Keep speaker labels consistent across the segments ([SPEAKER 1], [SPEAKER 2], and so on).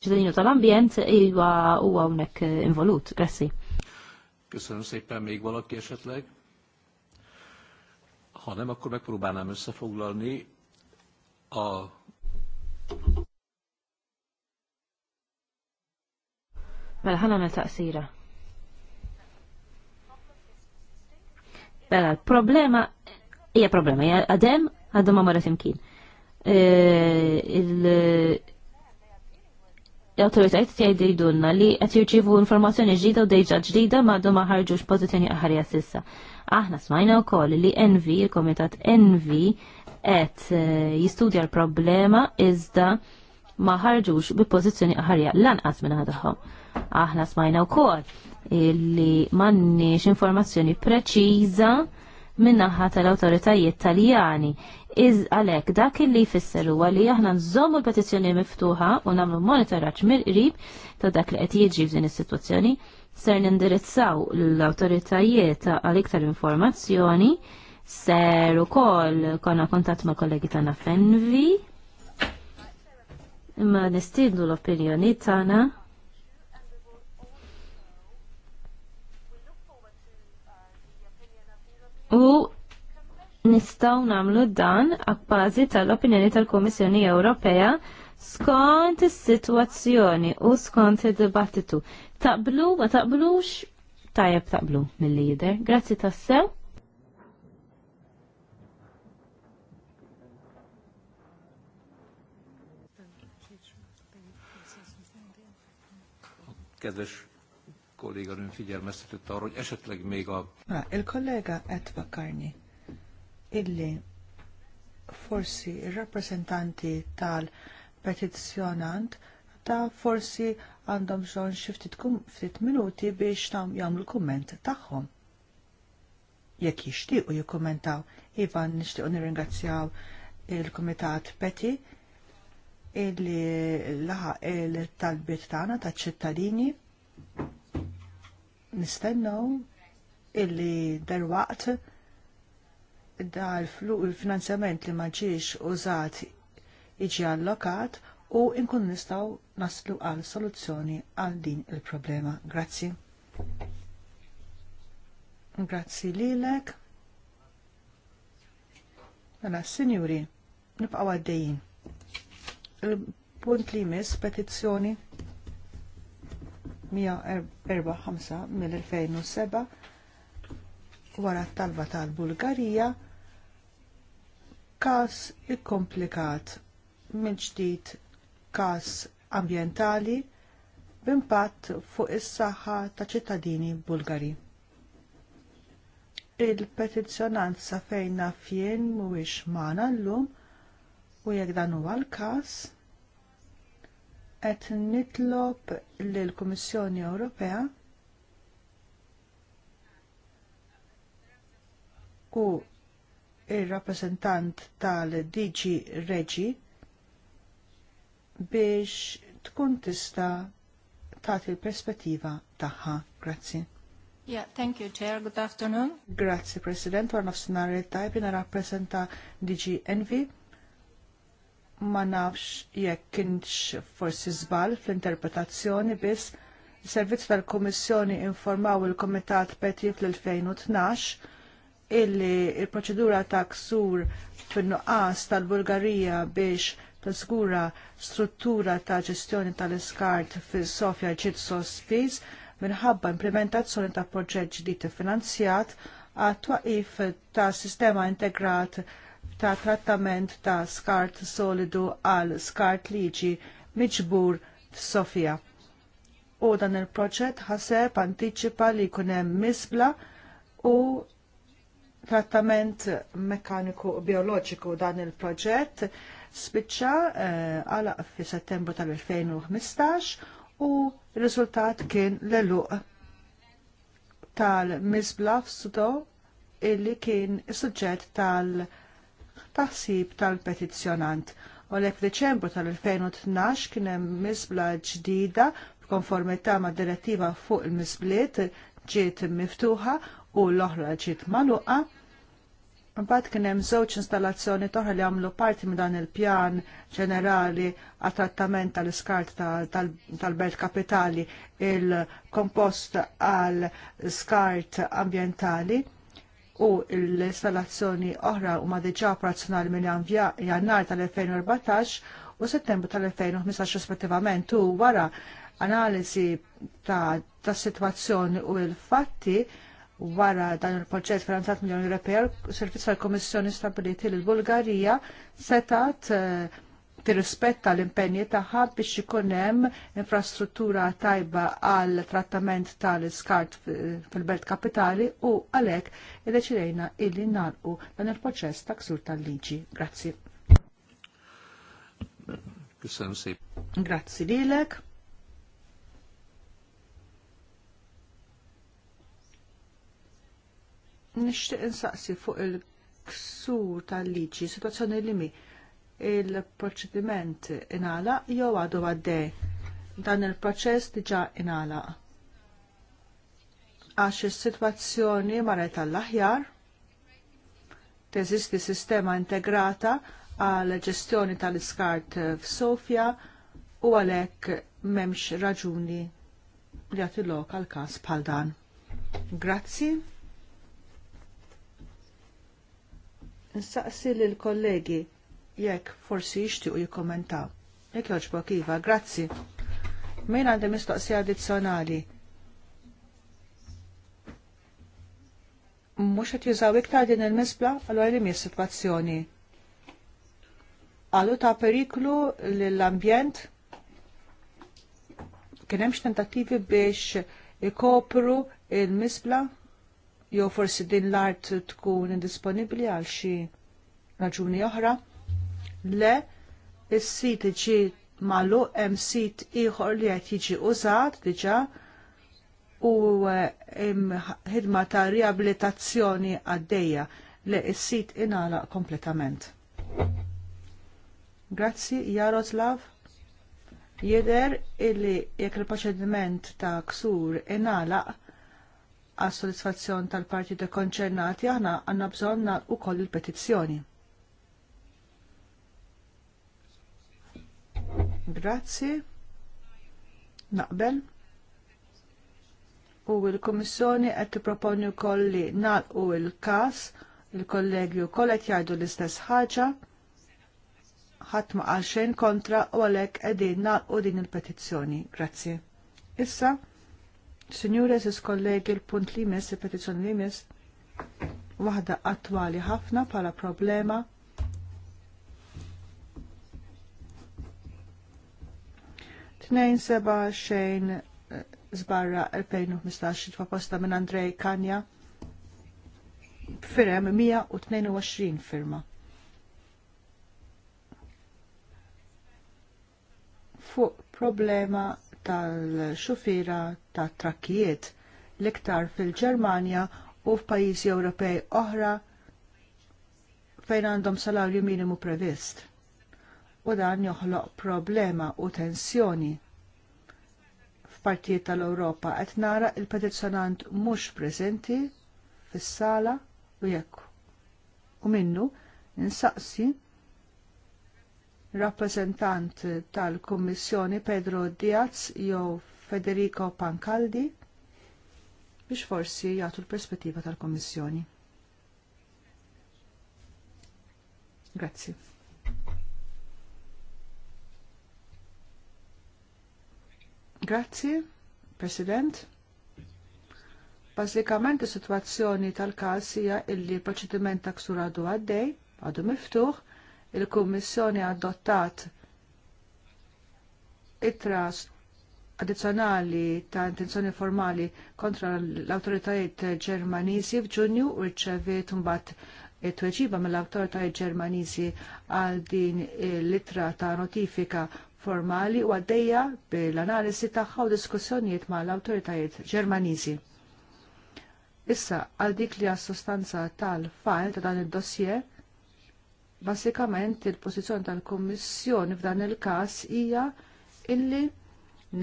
[SPEAKER 1] ċittadinu tal-ambjent huwa huwa hawnhekk eh, involut. Grazzi.
[SPEAKER 2] Köszönöm szépen, még valaki esetleg? Ha nem, akkor megpróbálnám
[SPEAKER 3] összefoglalni a...
[SPEAKER 1] Mela ħana taqsira. Mela, problema, hija problema, hija għadem għadhom ma marret imkien. Eh, l-autoritajt tiegħi jgħidulna li qed jirċievu informazzjoni ġdida u dejġa ġdida m'għadhom ma ħarġux pożizzjoni aħarja sissa. Aħna smajna wkoll li NV, il-Komitat NV qed eh, jistudja l-problema iżda ma ħarġux bi pożizzjoni aħarja lanqas minn ħadhom. Aħna smajna wkoll li m'għandniex informazzjoni preċiża minnaħħa tal-autoritajiet taljani Iż għalek dak li jfisser huwa li aħna nżommu l-petizzjoni miftuħa u nagħmlu monitoraġġ mill-qrib ta' dak li qed jiġi f'din is-sitwazzjoni ser nindirizzaw l-awtoritajiet għal iktar informazzjoni ser ukoll konna kontatt ma' kollegi tagħna f'Envi imma nistidlu l-opinjoni tagħna U Nistaw namlu dan għabbażi tal-opinjoni tal-Komissjoni Ewropea skont is-sitwazzjoni u skont id-dibattitu. Taqblu ma taqblux tajjeb taqblu mill-lider. Grazzi tassew.
[SPEAKER 2] Kedves kolléganőm figyelmeztetett arra, hogy esetleg még a...
[SPEAKER 3] Na, il kollega et Karni illi forsi ir-rappreżentanti tal-petizzjonant ta' forsi għandhom bżonn xi ftit minuti biex tam jagħmlu l-kumment tagħhom. Jekk jixtiequ jikkumentaw, iva nixtiequ nirringazzjaw il-Kumitat Peti illi laħa il-talbiet tagħna taċ ċittadini nistennew illi derwaqt da l-finanzjament li ma ġiex użat iġi allokat u inkun nistaw naslu għal soluzzjoni għal din il-problema. Grazzi. Grazzi lilek. Mela, sinjuri, nibqaw għaddejjin. Il-punt li mis petizzjoni 145 mill-2007 wara t-talba tal-Bulgarija Kas ikkomplikat minn ġdid kas ambjentali b'impatt fuq is-saħħa ta' ċittadini Bulgari. Il-petizzjonant sa fejn naf jien mhuwiex magħna llum u jekk dan huwa l-każ, qed nitlob lill-Kummissjoni Ewropea u ir-rappresentant tal-DG Reġi biex tkun tista tagħti l-perspettiva tagħha. Grazzi. Yeah, thank you, Chair. Good afternoon. Grazzi, President. Għar nafsinar il-tajb jina rappresenta DG Envy. Ma nafx jekk kienx forsi żball fl-interpretazzjoni biss. Servizz tal-Kommissjoni informaw il-Komitat Petit fl-2012 illi il-proċedura ta' ksur fin-nuqqas tal-Bulgarija biex taskura struttura ta' ġestjoni tal-iskart fis sofja ġiet sospiż minħabba implementazzjoni ta' proġett ġdid finanzjat għat twaqif ta' sistema integrat ta' trattament ta' skart solidu għal skart liġi miġbur sofja. U dan il-proġett ħaseb antiċipa li jkun hemm misbla u trattament mekkaniku bioloġiku dan il-proġett spiċċa eh, għala uh, fi settembru tal-2015 u r-riżultat kien l-eluq tal-Misblaf Sudo illi kien suġġett tal-taħsib tal-petizzjonant. U l deċembru tal-2012 kien hemm misbla ġdida f'konformità mad direttiva fuq il-misbliet ġiet miftuħa u l-oħra ġiet magħluqa. Mbagħad kien hemm żewġ installazzjoni toħra li għamlu parti minn dan il-pjan ġenerali għat trattament tal-iskart tal-Belt Kapitali il-kompost għal skart ambjentali u l-installazzjoni oħra huma diġà operazzjonali minn jannar tal-2014 u settembru tal-2015 rispettivament u wara analiżi ta' tas-sitwazzjoni u l-fatti wara dan il-proġett finanzat mill miljoni Ewropea, servizz tal-Komissjoni stabiliti li l-Bulgarija setat eh, tirrispetta l-impenji tagħha biex ikun hemm infrastruttura tajba għal trattament tal-iskart fil-Belt Kapitali u għalhekk iddeċidejna illi nagħlqu dan il-proċess ta' ksur tal-liġi. Grazzi. Grazzi lilek. Nixtieq insaqsi fuq il-ksur tal-liġi, situazzjoni li mi il-proċediment inala jew għadu għadde Dan il-proċess diġà inala. Għax is-sitwazzjoni marret tal-aħjar, teżisti sistema integrata għal ġestjoni tal-iskart f'Sofja u għalhekk m'hemmx raġuni li għatillok għal każ bħal dan. Grazzi. Nsaqsi l kollegi jekk forsi jixtiequ jikkommentaw. Jekk jogħġbok iva, grazzi. Min għandi mistoqsija addizzjonali. Mhux qed jużaw iktar din il-misbla, għallu li mi situazzjoni. Għallu ta' periklu l-ambjent kien hemm tentattivi biex ikopru il-misbla jew forsi din l-art tkun indisponibbli għal xi raġuni oħra. Le, is-sit iġi malu hemm sit ieħor li qed jiġi użat diġà u eh, hemm ħidma ta' riabilitazzjoni għaddejja li s-sit inala kompletament. Grazzi, Jaroslav. Jeder illi jekk il-proċediment ta' ksur inalaq għas soddisfazzjon tal-partiti konċernati aħna għandna bżonn koll il-petizzjoni. Grazzi. Naqbel. U l-Kummissjoni qed tipproponi wkoll li nagħlqu il-każ il-kollegju kollha jgħidu l-istess ħaġa ħadd ma qal xejn kontra u għalhekk qegħdin nagħlqu din il-petizzjoni. Grazzi. Issa Signore, s kollegi, il-punt li mis, il-petizjoni li mis, wahda attwali ħafna pala problema Tnejn seba xejn eh, zbarra 2015 proposta minn Andrej Kanja firem 122 firma. Fuq problema tal-xufira ta' trakkijiet l-iktar fil-Ġermanja u f'pajjiżi Ewropej oħra fejn għandhom salarju minimu previst. U dan joħloq problema u tensjoni f'partijiet tal-Ewropa qed nara l petizzjonant mhux preżenti fis-sala u jekk. U minnu insaqsi rappresentant tal-Kummissjoni Pedro Diaz jew Federico Pancaldi biex forsi jagħtu l-perspettiva tal-Kummissjoni. Grazie. Grazie President. Bażikament is-sitwazzjoni tal-każ hija illi proċediment ta' ksur għadu għaddej, għadu miftuħ, il-Kummissjoni adottat it-tras addizzjonali ta' intenzjoni formali kontra l-autoritajiet ġermaniżi f'Ġunju u rċeviet mbagħad it-tweġiba mill-autoritajiet ġermaniżi għal din l-ittra ta' notifika formali u għaddejja bil-analisi tagħha u diskussjonijiet mal-awtoritajiet Ġermaniżi. Issa għal dik li għas sostanza tal-fajl ta' dan id-dossier Basikament il-pożizzjoni tal-Kummissjoni f'dan il-każ hija illi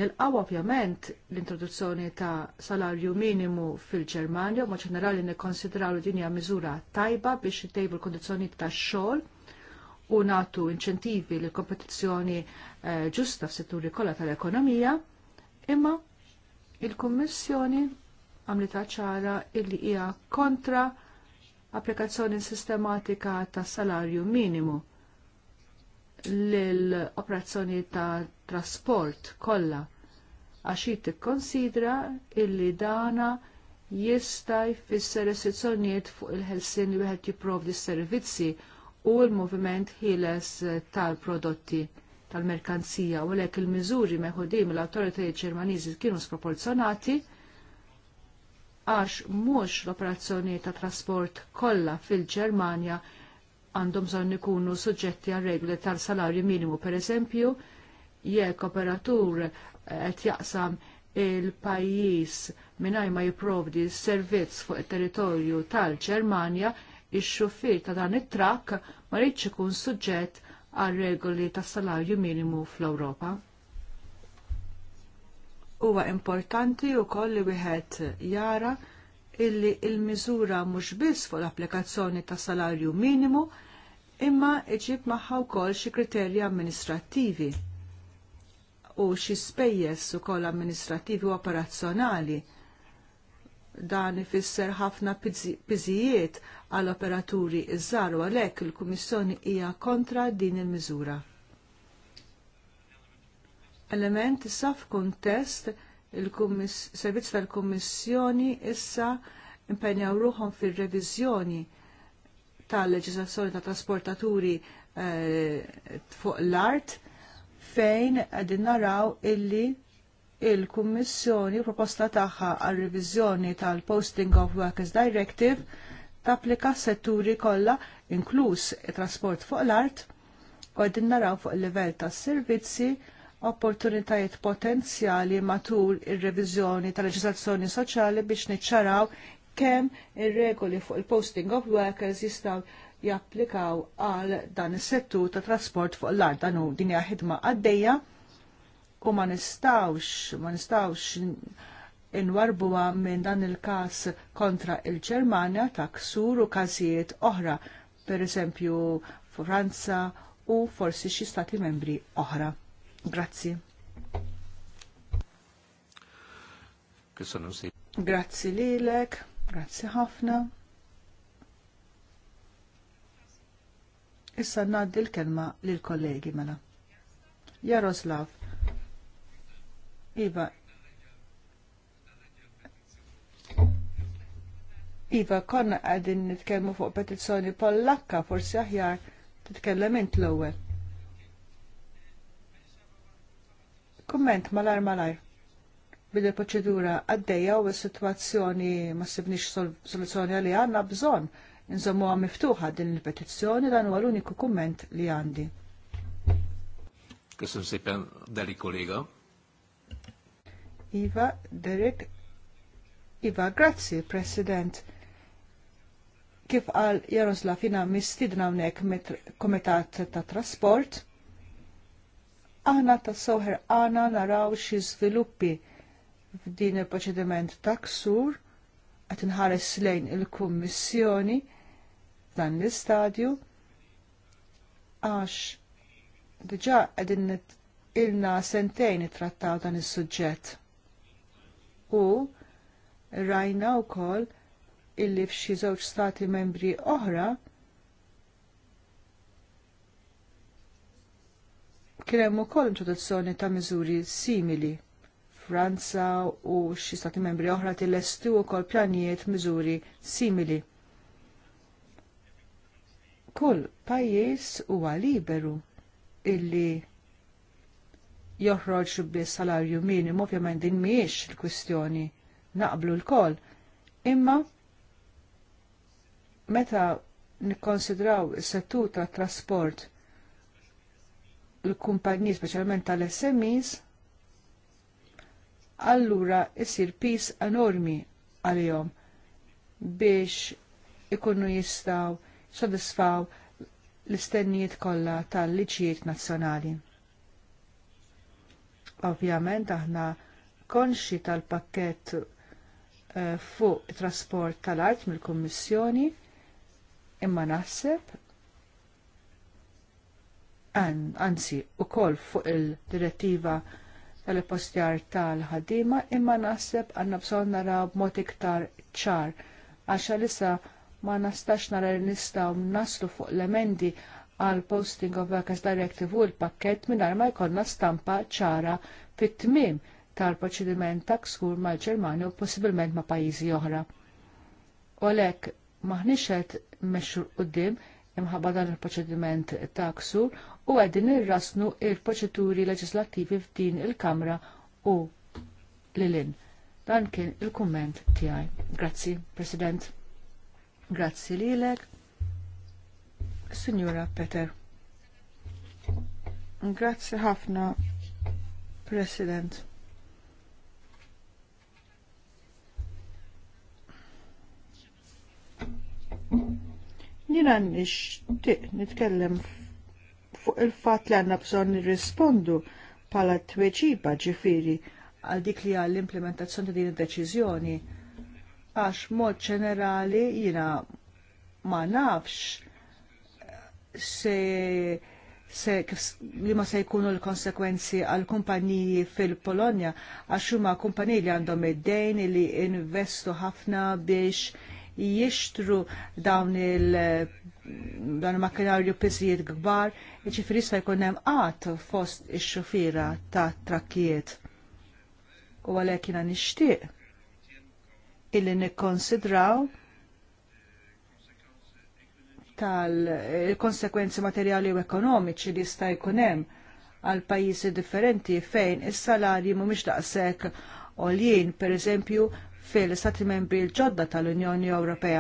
[SPEAKER 3] nilqaw ovvjament l-introduzzjoni ta' salarju minimu fil-Ġermanja u ma' ġenerali nikkonsidraw li dinja miżura tajba biex jtejbu l kondizjoni tax-xogħol u natu inċentivi li kompetizzjoni eh, ġusta f'setturi kollha tal-ekonomija, imma il-Kummissjoni għamlita ċara illi hija kontra applikazzjoni sistematika ta' salarju minimu l-operazzjoni ta' trasport kollha għax tikkonsidra illi dana jista' jfisser restrizzjonijiet fuq il-ħelsien li wieħed jipprovdi s-servizzi u l-moviment ħieles tal-prodotti tal-merkanzija u l-ek il-miżuri meħudim l awtoritajiet Ġermaniżi kienu sproporzjonati għax mhux l-operazzjoni ta' trasport kollha fil-Ġermanja għandhom bżonn ikunu suġġetti għal regoli tal-salarju minimu pereżempju jekk operatur eh, qed jaqsam il-pajjiż mingħajr ma jipprovdi servizz fuq it-territorju tal-Ġermanja ix xufier ta' dan it-trakk ma rridx ikun suġġett għal regoli tas salarju minimu fl-Ewropa. Huwa importanti wkoll li wieħed jara illi il-miżura mhux biss fuq l-applikazzjoni ta' salarju minimu imma iġib magħha wkoll xi kriterji amministrattivi u xi spejjeż ukoll amministrattivi u operazzjonali dan ifisser ħafna piżijiet għal operaturi iż-żar u għalhekk il-Kummissjoni hija kontra din il-miżura element issa f'kuntest il-servizz tal-Kummissjoni issa impenjaw ruħom fil-reviżjoni tal-leġislazzjoni ta' trasportaturi eh, fuq l-art fejn għedin naraw illi il-Kummissjoni proposta tagħha għal reviżjoni tal-Posting of Workers Directive tapplika setturi kollha inkluż it-trasport fuq l-art u għedin naraw fuq il-livell tas-servizzi opportunitajiet potenzjali matul ir-reviżjoni tal-leġislazzjoni soċjali biex niċċaraw kemm ir-regoli fuq il-posting of workers jistgħu japplikaw għal dan is-settur ta' trasport fuq l-art dan hu din hija ħidma għaddejja u ma nistawx ma nistawx inwarbuha minn dan il-każ kontra il-Ġermanja ta' ksur u każijiet oħra, pereżempju Franza u forsi xi stati membri oħra. Grazzi. Grazzi lilek, grazzi ħafna. Issa naddi l-kelma lill-kollegi mela. Jaroslav. Iva. Iva, konna għadin nitkelmu fuq petizzjoni pollakka, forsi aħjar titkellem int l-ewwel. Kumment malar malar. Bidi proċedura għaddeja u s-situazzjoni ma sibnix soluzzjoni għalli għanna bżon. Nżommu għam miftuħa din il-petizzjoni dan huwa l-uniku kumment li għandi.
[SPEAKER 2] Kessum sejpen dali kollega.
[SPEAKER 3] Iva, Derek. Iva, grazzi, President kif għal Jaroslav jina mistidna unek komitat ta' trasport Aħna ta' soħer għana naraw xi sviluppi f'din il-proċediment ta' ksur qed inħares lejn il-Kummissjoni dan l-istadju għax għedin il-na sentejn trattaw dan is-suġġett. U rajna wkoll illi f'xi żewġ stati membri oħra Kien hemm ukoll introduzzjoni ta' miżuri simili. Franza u xi stati membri oħra tilestu wkoll pjanijiet miżuri simili. Kull pajjiż huwa liberu illi joħroġ bi salarju minimu, ovvjament din mhijiex il-kwistjoni naqblu l-kol. Imma meta nikkonsidraw is-settur tat trasport l-kumpanji speċjalment tal-SMEs, allura jisir pis enormi għalihom biex ikunu jistaw sodisfaw l-istennijiet kollha tal-liċijiet nazzjonali. Ovvjament aħna konxi tal-pakket eh, fuq it trasport tal-art mill-Kummissjoni imma naħseb anzi wkoll fuq il-direttiva tal-postjar tal-ħaddiema imma naħseb għandna bżonn naraw b'mod iktar ċar għaxa lissa ma nastax nara li nistgħu naslu fuq l-emendi għal Posting of Workers Directive u l-pakket mingħajr ma jkollna stampa ċara fit-tmiem tal-proċediment ta' kskur mal ġermani u possibilment ma' pajjiżi oħra. U għalhekk maħniex qed mexxu l imħabba dan il-proċediment ta' ksur u għedin irrasnu il-proċeduri leġislattivi f'din il-Kamra u l-lin. Dan kien il-komment tiegħi. Grazzi, President. Grazzi lilek. Signora Peter. Grazzi ħafna, President. Jina nixtieq nitkellem fuq il-fatt li għandna bżonn nirrispondu bħala tweċiba ġifiri għal dik li għall implementazzjoni ta' din id-deċiżjoni. Għax mod ġenerali jina ma nafx se se li ma se jkunu l-konsekwenzi għal kumpaniji fil-Polonja, għax huma kumpaniji li għandhom id-dejn li investu ħafna biex jixtru dawn il- dan il makinarju pisijiet kbar, ċifri sa jkun hemm qatt fost ix-xufiera ta' trakkijiet. U għalhekk jiena nixtieq illi nikkonsidraw tal-konsekwenzi materjali u ekonomiċi li jista' jkun hemm għal pajjiżi differenti fejn is-salarji mhumiex daqshekk għoljien, per eżempju, fil-Stati membri l-ġodda tal-Unjoni Ewropea.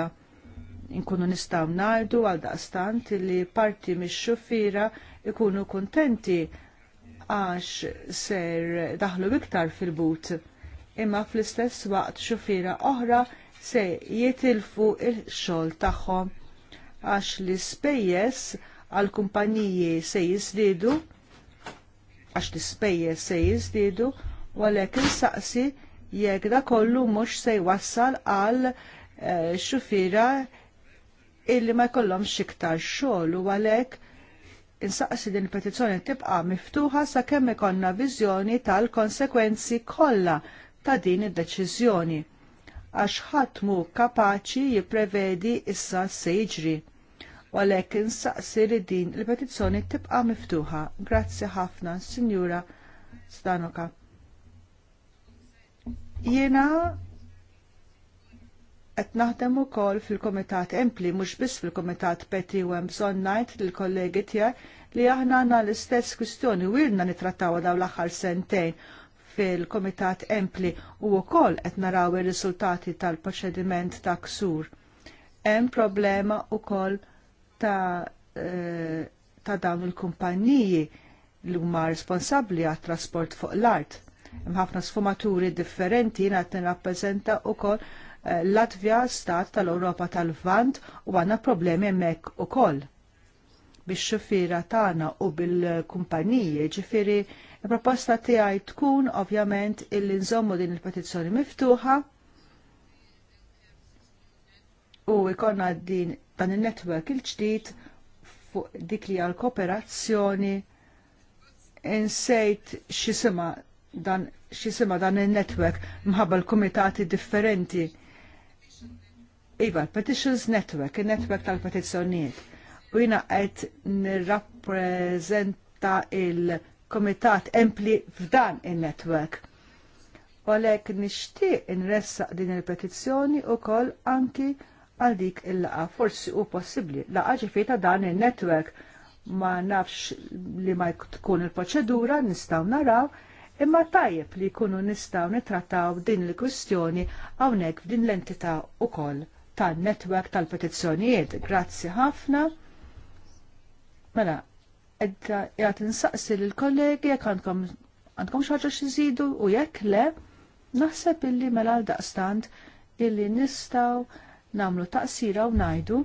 [SPEAKER 3] Inkunu nistaw najdu għal daqstant li parti mix-xufiera ikunu kontenti għax ser daħlu iktar fil-but. Imma fl-istess waqt xufiera oħra se jitilfu il-xol tagħhom għax li spejjes għal kumpaniji se jizdidu għax l-ispejjeż se jiżdiedu u għalhekk il-saqsi jekk da kollu mhux se jwassal għal eh, xufira illi ma jkollhomx iktar xogħol u għalhekk insaqsi din il-petizzjoni tibqa' miftuħa sakemm ikollna viżjoni tal-konsekwenzi kollha ta' din id-deċiżjoni għax ħadd mhu kapaċi jipprevedi issa se jiġri. Għalhekk insaqsi li din il-petizzjoni tibqa' miftuħa. Grazzi ħafna, Sinjura Stanoka. Jiena qed naħdem ukoll fil-Kumitat Empli mhux biss fil-Kumitat Peti u hemm bżonn ngħid lill-kollegi tiegħi li aħna għandna l-istess kwistjoni u ilna nitrattaw dawn l-aħħar sentejn fil-Komitat Empli u wkoll qed naraw ir-riżultati tal-proċediment ta' ksur. Hemm problema wkoll ta', eh, ta dawn il-kumpanniji li huma responsabbli għat trasport fuq l-art ħafna sfumaturi differenti rappresenta u wkoll eh, Latvja stat tal-Ewropa tal-Vant u għandna problemi hemmhekk ukoll biex xufiera tagħna u bil-kumpaniji ġifieri il-proposta tiegħi tkun ovvjament il-linżommu din il-petizzjoni miftuħa u ikonna din dan il-netwerk il-ġdid fuq dik li għal kooperazzjoni insejt xisima dan xisima dan il-network mħabba l-komitati differenti. Iva, petitions Network, il-network tal-petizzjoniet. U jina għed nirrapprezenta il-komitat empli f'dan il-network. U għalek nishti nressaq din il-petizzjoni u kol anki għal dik il-laqa forsi u possibli. Laqa ġifita dan il-network ma nafx li ma tkun il-proċedura nistaw naraw imma tajjeb li jkunu nistgħu nitrattaw din il-kwistjoni hawnhekk f'din l-entità wkoll tan-netwerk tal-petizzjonijiet. Grazzi ħafna. Mela, edda jgħat nsaqsi lill-kollegi jekk għandkom għandkom xaġa xizidu u jekk le, naħseb illi mela daqstant illi nistaw namlu taqsira u najdu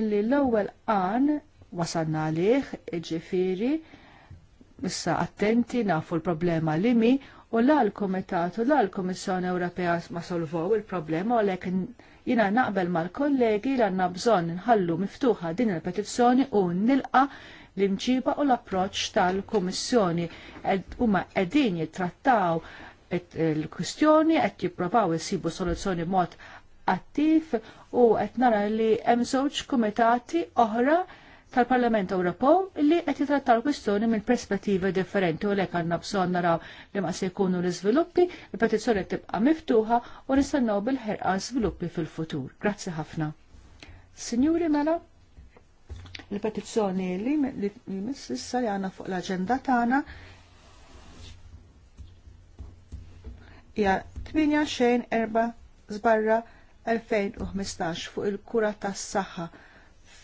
[SPEAKER 3] illi l-ewwel qan wasanna għalih ġifiri issa attenti nafu l-problema li mi u la l-Komitat u la l-Komissjoni Ewropea ma solvow il-problema u lek jina naqbel mal-kollegi li għanna bżon nħallu miftuħa din il-petizzjoni u nilqa l-imġiba u l-approċ tal-Komissjoni huma qegħdin jittrattaw il-kwistjoni qed jipprovaw isibu soluzzjoni mod attiv u qed nara li hemm żewġ kumitati oħra tal-Parlament Ewropew li qed jitrattaw kwistjoni minn perspettiva differenti u lek għandna bżonn naraw li ma se jkunu l-iżviluppi, il-petizzjoni tibqa' miftuħa u nistennew bil-ħerqa żviluppi fil-futur. Grazzi ħafna. Sinjuri mela, il-petizzjoni li miss issa li għandna fuq l-aġenda tagħna hija 8 xejn erba' zbarra 2015 fuq il-kura tas-saħħa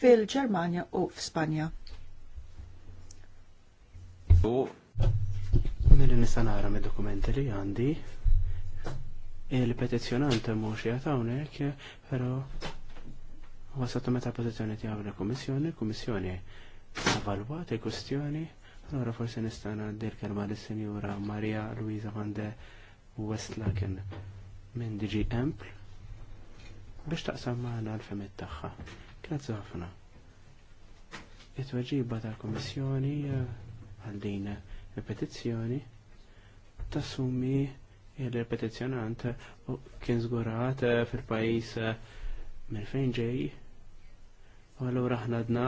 [SPEAKER 3] fil-Ġermanja u f'Spanja.
[SPEAKER 2] U mill mela nisa nara mid dokumenti li għandi il petizjonante mhux jagħt hawnhekk, però wasatu meta pożizzjoni ti l-Kummissjoni, l-Kummissjoni avalwat il kustjoni allora forsi nistana ngħaddi l-kelma lis-Sinjura Maria Luisa van de Westlaken minn DG Empl biex taqsam maħna l-femet tagħha. Grazzi ħafna. It-tweġiba tal-Komissjoni eh, għal din repetizzjoni tassumi il-repetizjonant kien zgurat eh, fil-pajis eh, minn fejn ġej U għallura ħnadna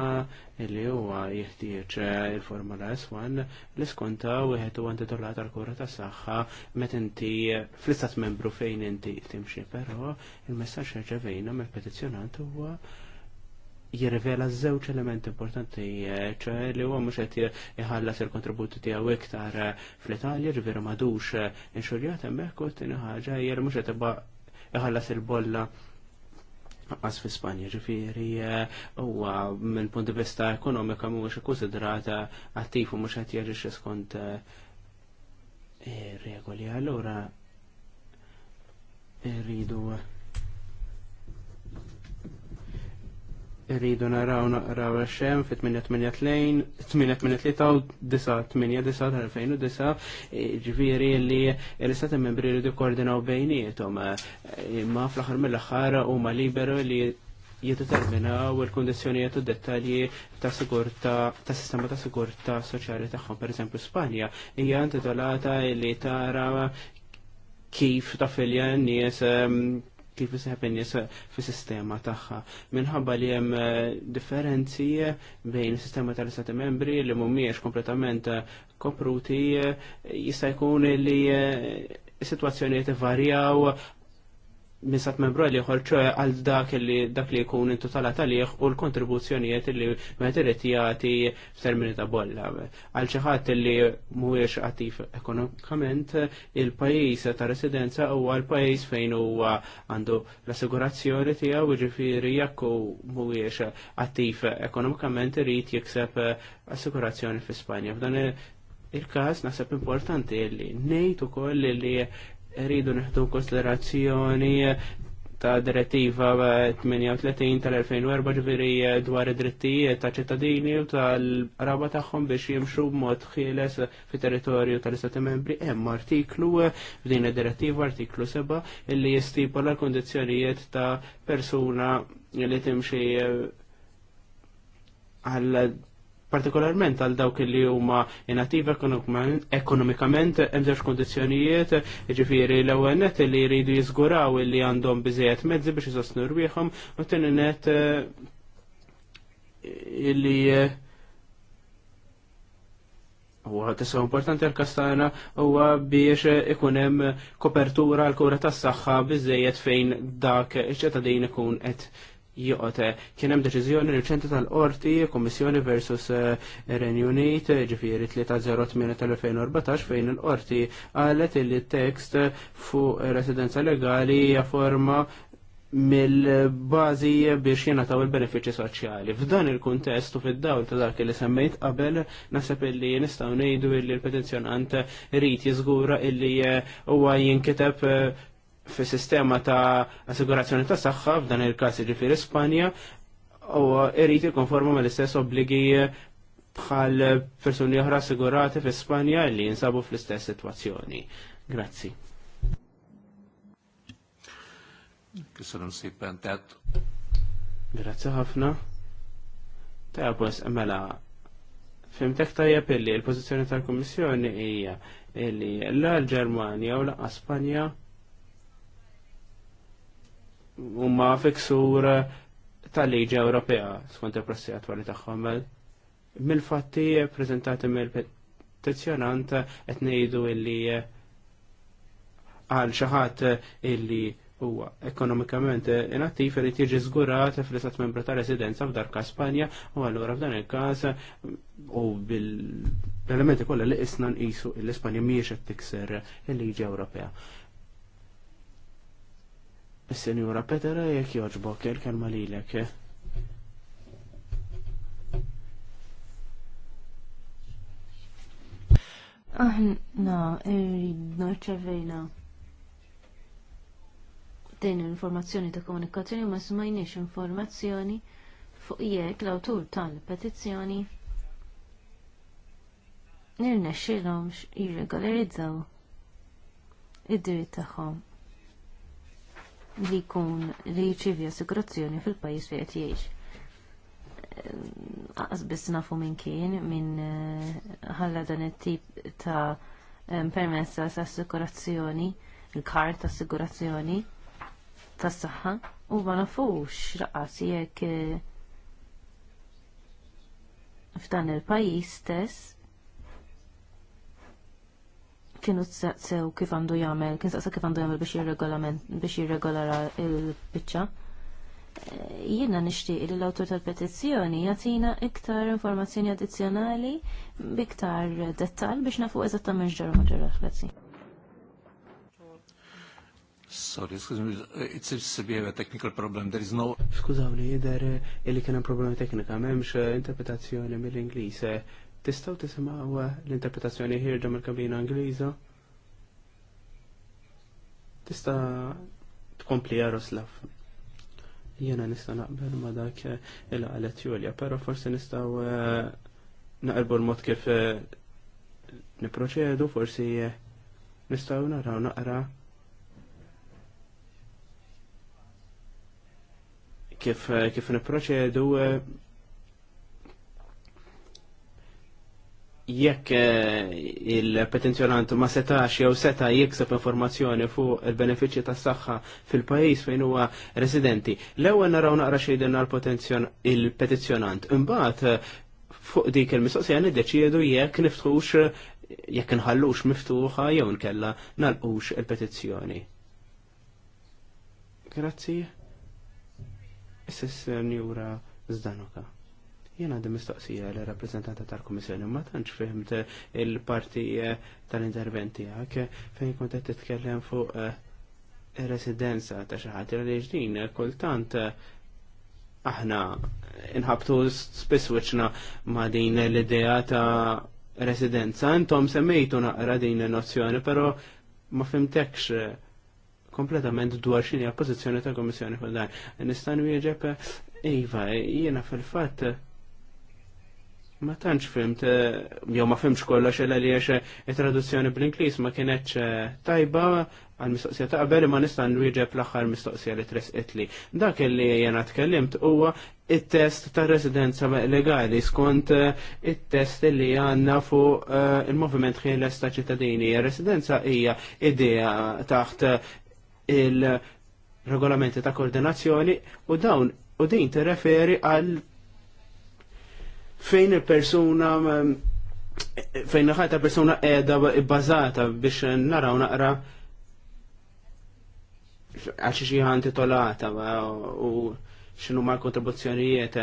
[SPEAKER 2] li huwa jeħtieġ il-formula S1 li skonta wieħed huwa intitolat għall-kura ta' saħħa meta inti fl-istat membru fejn inti timxi, però il-messaġġ ġevejna mill-petizzjonant huwa jirrivela żewġ elementi importanti, ċe li huwa mhux qed iħallas il-kontributi tiegħu iktar eh, fl-Italja, ġifieri madux eh, inxurjat hemmhekk u tieni ħaġa hija mhux qed iħallas il-bolla Għas fi Spanja ġifiri, eh, huwa minn punt vista ekonomika mhuwiex ikkonsidrata attiv u mhux qed jaġix skont regoli. Allura irridu Rridu naraw naqraw xem fit 88 u 989 e, ġviri li l-istati membri rridu koordinaw bejnietom. E, imma fl-axar mill-axar u ma liberu li jiddeterminaw il-kondizjonijiet u dettalji ta' sigurta, ta' sistema ta' sigurta soċjali tagħhom. Per eżempju, Spanja hija intitolata li tara kif ta' filja nies kif isħeb in-nies fis-sistema tagħha. Minħabba li hemm eh, differenzi bejn is-sistema tal-Istati membri li mhumiex kompletament eh, kopruti eh, jista' jkun li situazzjonijiet varjaw misat membru li ħorċu għal dak li dak li jkun intu tala talih u l-kontribuzzjonijiet li meħteret jagħti f'termini ta' bolla. Għal xi ħadd li mhuwiex attiv ekonomikament, il-pajjiż ta' residenza huwa l-pajjiż fejn huwa għandu l-assigurazzjoni tiegħu jiġifieri jekk mhuwiex attiv ekonomikament irid jikseb assigurazzjoni fi Spanja. F'dan il-każ nasab importanti li ngħid ukoll li rridu neħdu konsiderazzjoni ta' direttiva 38 tal-2004 ġviri dwar id-drittijiet ta' ċittadini u tal-raba tagħhom biex jimxu b'mod ħieles fi territorju tal-Istati Membri hemm artiklu f'din id-direttiva artiklu 7 illi jistipola l-kondizzjonijiet ta' persuna li timxi għall- partikolarment għal dawk li huma inattiv ekonomikament hemm żewġ kundizzjonijiet, jiġifieri l-ewwel net li jridu jiżguraw li għandhom biżejjed mezzi biex isostnu rwieħhom u tieni net eh, li eh, Huwa tisa importanti għal-kastana huwa biex ikun hemm kopertura għal kura tas-saħħa biżejjed fejn dak iċċetadin ikun qed jiqot. Kien hemm deċiżjoni riċenti tal-qorti Kommissjoni versus eh, Renju Unit ġifieri 308 tal-2014 fejn il-qorti qalet li t-tekst fuq residenza legali hija forma mill-bażi biex jingħataw il-benefiċċji soċjali. F'dan il-kuntest u fid-dawl ta' dak li semmejt qabel naħseb illi nistgħu ngħidu li l petizzjonant irid jiżgura illi eh, huwa jinkiteb eh, fis sistema ta' assigurazzjoni ta' saħħa f'dan il-każ ġifier Ispanja u irrid jikkonforma mal-istess obbligi bħal persuni oħra assigurati fi Spanja li jinsabu fl-istess situazzjoni. Grazzi. si pentet. Grazzi ħafna. Ta' pues mela Fimtek tajjeb illi l-pożizzjoni tal-Kummissjoni hija illi l-Ġermanja u l Spanja huma fiksur tal-liġi Ewropea skont il-prossi attwali tagħhom. Mill-fatti prezentati mill-petizzjonant qed ngħidu illi għal xi ħadd illi huwa ekonomikament inattiv irid jiġi żgurat fl-istat membru ta' residenza f'darka Spanja u allura f'dan il-każ u bil-elementi kollha li isna nqisu l-Ispanja mhijiex qed tikser il-liġi Ewropea is Senjura Petera, jekk joġbok, il-kelma lilek
[SPEAKER 1] Aħna, irridna ċavejna din informazzjoni ta' komunikazzjoni ma smajniex informazzjoni fuq jekk l-awtur tal-petizzjoni nirnexxilhomx jirregolarizzaw id-dritt tagħhom li jkun li jirċievi assigurazzjoni fil-pajjiż fejn qed jgħix. Ehm, aqas biss nafu minn kien minn eh, ħalla dan it-tip ta' ehm, permessa ta' assikurazzjoni, il-kart ta' assigurazzjoni tas saħħa u ma nafux raqqas jekk eh, f'dan il-pajjiż stess kienu sew kif għandu jagħmel, kien t-sew kif għandu jagħmel biex jirregolament biex jirregolara il bicċa eh, Jiena nixtieq li l-awtur tal-petizzjoni jatina iktar informazzjoni addizzjonali biktar dettal biex nafu eżattament ġeru ma ġara
[SPEAKER 3] Sorry, excuse me, it seems to be a technical problem, there is no...
[SPEAKER 2] Skużawni, jider eh, illi kena problemi teknika, memx eh, interpretazzjoni mill-Inglise, Tistaw tisimaw l-interpretazzjoni ħirġa mill-kabina Ingliża? Tista tkompli Jaroslav. Jena nista naqbel ma dak il-għalet Julia, pero forse nistaw eh, naqbel mod kif eh, niproċedu, forsi eh, nistaw naraw naqra kif, kif niproċedu jekk eh, il-petenzjonant ma setax jew seta jikseb informazzjoni fuq il-benefiċċji tas-saħħa fil-pajjiż fejn huwa residenti. L-ewwel naraw naqra xejdin il-petizzjonant. Imbagħad eh, fuq dik il-mistoqsija niddeċiedu jekk niftħux jekk nħallux miftuħa jew nkella nalqux il-petizzjoni. Grazzi. Issa s ura Zdanoka. Jien għandi mistoqsija l rappreżentanta tal-Kummissjoni ma tantx fimt eh, il-parti eh, tal-interventi għak, eh, fejn kont qed titkellem fuq residenza ta' xi ħadd li ġdin kultant aħna inħabtu spiss wiċċna ma' din l-idea ta' residenza. Intom semmejtu naqra din nozzjoni, però ma fimtekx kompletament dwar xini għal pozizjoni ta' komissjoni fil-dan. Nistan wieġeb ejva, jiena fil-fat Ma tantx fimt, eh, jew ma fimx kollox xella li għax it-traduzzjoni eh, bl-Ingliż ma kienetx eh, tajba għal mistoqsija ta' qabel ma nista' nwieġeb l-aħħar mistoqsija li tresqitli. Dak li jena tkellimt huwa it-test ta' residenza legali skont it-test li għandna fuq il-moviment ħieles ta' ċittadini. Residenza hija idea taħt il-regolamenti ta' koordinazzjoni u dawn u din tirreferi għal fejn il-persuna ehm, fejn ħajt ta' persuna edha bazata biex naraw naqra għaxi xi titolata u xinu ma' kontribuzzjonijiet.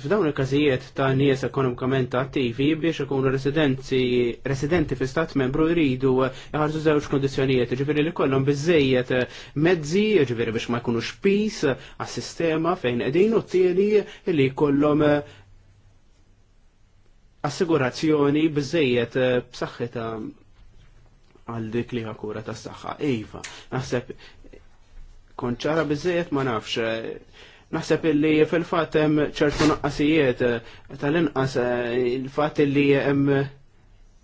[SPEAKER 2] F'dawn il-każijiet ta' nies ekonomikament attivi biex ikunu residenti residenti fi stat membru jridu jħarżu żewġ kondizzjonijiet, ġifiri li kollhom biżejjed mezzi, ġifiri biex ma jkunux xpis għas-sistema fejn qegħdin u t-tieni li jkollhom assigurazzjoni bżejjed eh, b'saħħitha għal dik li kura ta' saħħa. Iva, naħseb konċara bżejjed ma nafx. Eh, naħseb illi fil fatt hemm ċertu naqqasijiet eh, tal-inqas il fatt illi hemm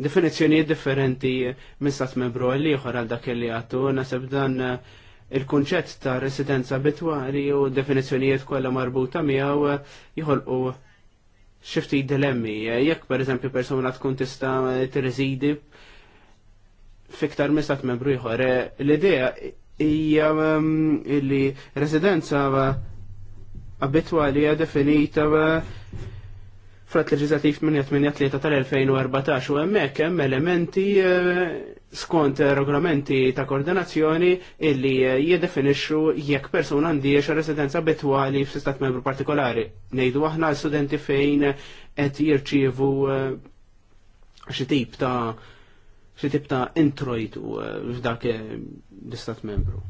[SPEAKER 2] definizzjonijiet differenti minn sat membru għal ieħor għal dak li għattu, naħseb dan il-kunċett ta' residenza bitwari u definizzjonijiet kollha marbuta miegħu jħolqu xifti dilemmi. Jekk per eżempju persona tkun tista tirreżidi fiktar mistat membru ieħor, eh, l-idea hija ehm, li residenza abitwali hija definita frat leġislativ 883 tal-2014 u hemmhekk hemm elementi eh, skont regolamenti ta' koordinazzjoni illi eh, jiddefinixxu jekk persuna għandiex residenza abitwali f'istat membru partikolari. Nejdu aħna studenti fejn qed jirċievu eh, xi tip ta' xi tip ta' introjtu eh, f'dak l-istat membru.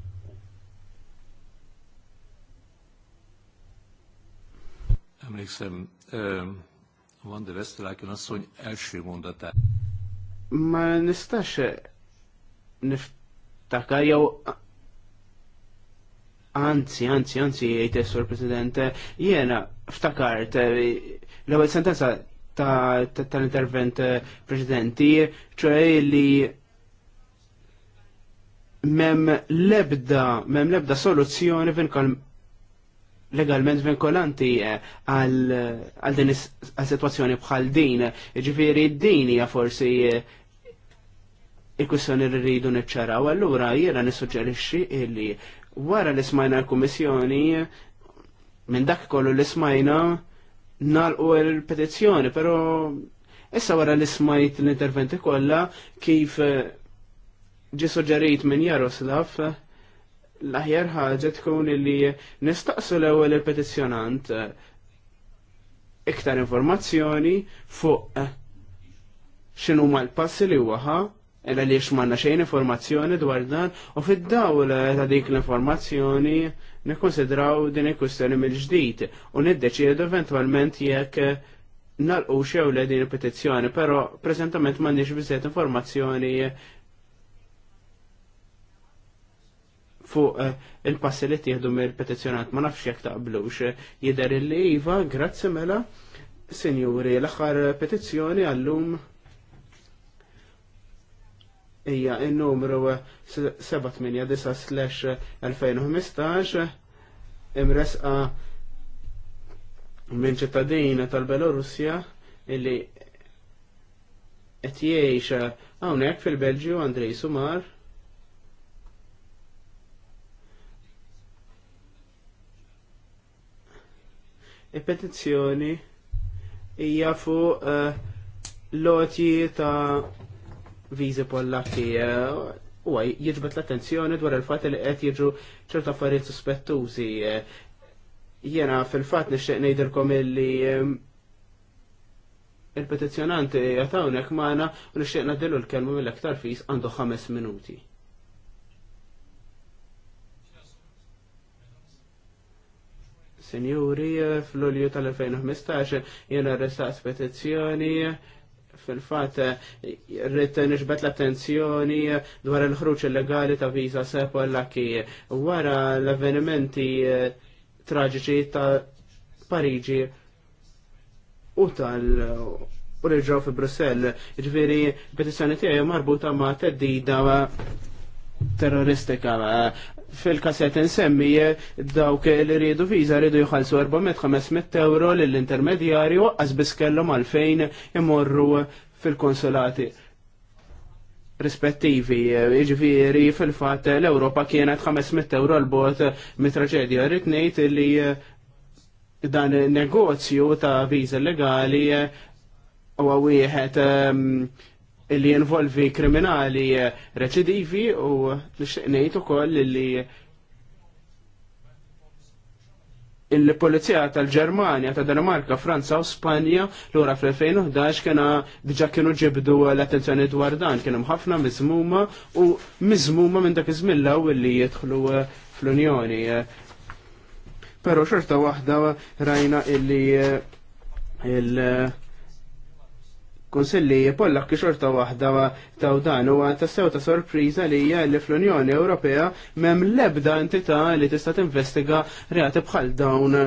[SPEAKER 2] Emlékszem, van de Vesztelákon asszony első mondatát ma nistax niftakar jew anzi, anzi, anzi, jgħid sur President, jiena ftakart eh, l-ewwel sentenza tal-intervent eh, Presidenti, ċoħe li mem lebda, mem lebda soluzzjoni fin legalment vinkolanti eh, għal din situazzjoni bħal din. Ġifiri din hija forsi eh, il kwissjoni li rridu niċċaraw. Allura jiena nissuġġerixxi illi wara li smajna l-Kummissjoni minn dak kollu li smajna nalqu l-petizzjoni, però issa wara li smajt l-interventi kollha kif eh, ġi suġġerit minn Jaroslav l-aħjar ħaġa tkun illi nistaqsu l-ewwel il-petizzjonant eh, iktar informazzjoni fuq eh, x'inhu l-passi li waħa illa li x'manna xejn informazzjoni dwar dan u fid-dawl eh, ta' dik l-informazzjoni nikkonsidraw din il-kwistjoni mill-ġdid u niddeċiedu eventwalment jekk nalqu xew le din il-petizzjoni, però preżentament m'għandniex biżejjed informazzjoni fuq eh, il-passi li tieħdu mill-petizzjonat ma nafx jekk taqblux eh, jidher illi iva, grazzi mela, sinjuri, l-aħħar petizzjoni għallum hija n-numru 789/2015 eh, imresqa minn ċittadina tal-Belorussja illi qed jgħix hawnhekk fil-Belġju Andrej Sumar il-petizzjoni hija fuq eh, loti ta' viżi pollakki eh, u jiġbet l-attenzjoni dwar il-fat li qed jiġu ċerta affarijiet suspettużi. Eh, Jena fil-fat nixtieq ngħidilkom illi il-petizzjonanti jatawnek maħna u nixtieq nadilu l-kelmu mill-aktar fis għandu ħames minuti. Sinjuri, fl-Ulju tal-2015 jena restaqs petizzjoni fil-fat rrit nixbet l-attenzjoni dwar il-ħruċ illegali ta' viza sepo l-laki. Wara l-avvenimenti eh, traġiċi ta' Pariġi u tal- u reġaw fi Brussell. Ġviri, petizjoni tijaj marbuta ma' teddida terroristika fil kaset insemmi dawk li rridu viza rridu jħalsu 400-500 euro l-intermedjari waqqas biskellom għalfejn imorru fil-konsolati rispettivi. Iġviri fil-fat l-Europa kienet 500 euro l-bot mit-traġedja. Rrit li dan negozju ta' viza legali u għawieħed illi involvi kriminali eh, recidivi u nixtieq ngħid ukoll illi il-polizija tal-Ġermanja, ta' Danimarka, Franza u Spanja lura fl-2011 kena diġa kienu ġibdu l-attenzjoni dwar dan, kienu ħafna mizmuma u mizmuma minn dak iżmillaw illi jidħlu eh, fl-Unjoni. Pero xorta waħda rajna illi eh, il- konsilli pollak xorta waħda ta' dan u ta' sew ta' sorpriża li hija li fl-Unjoni Ewropea m'hemm l-ebda entità li tista' tinvestiga reati bħal dawn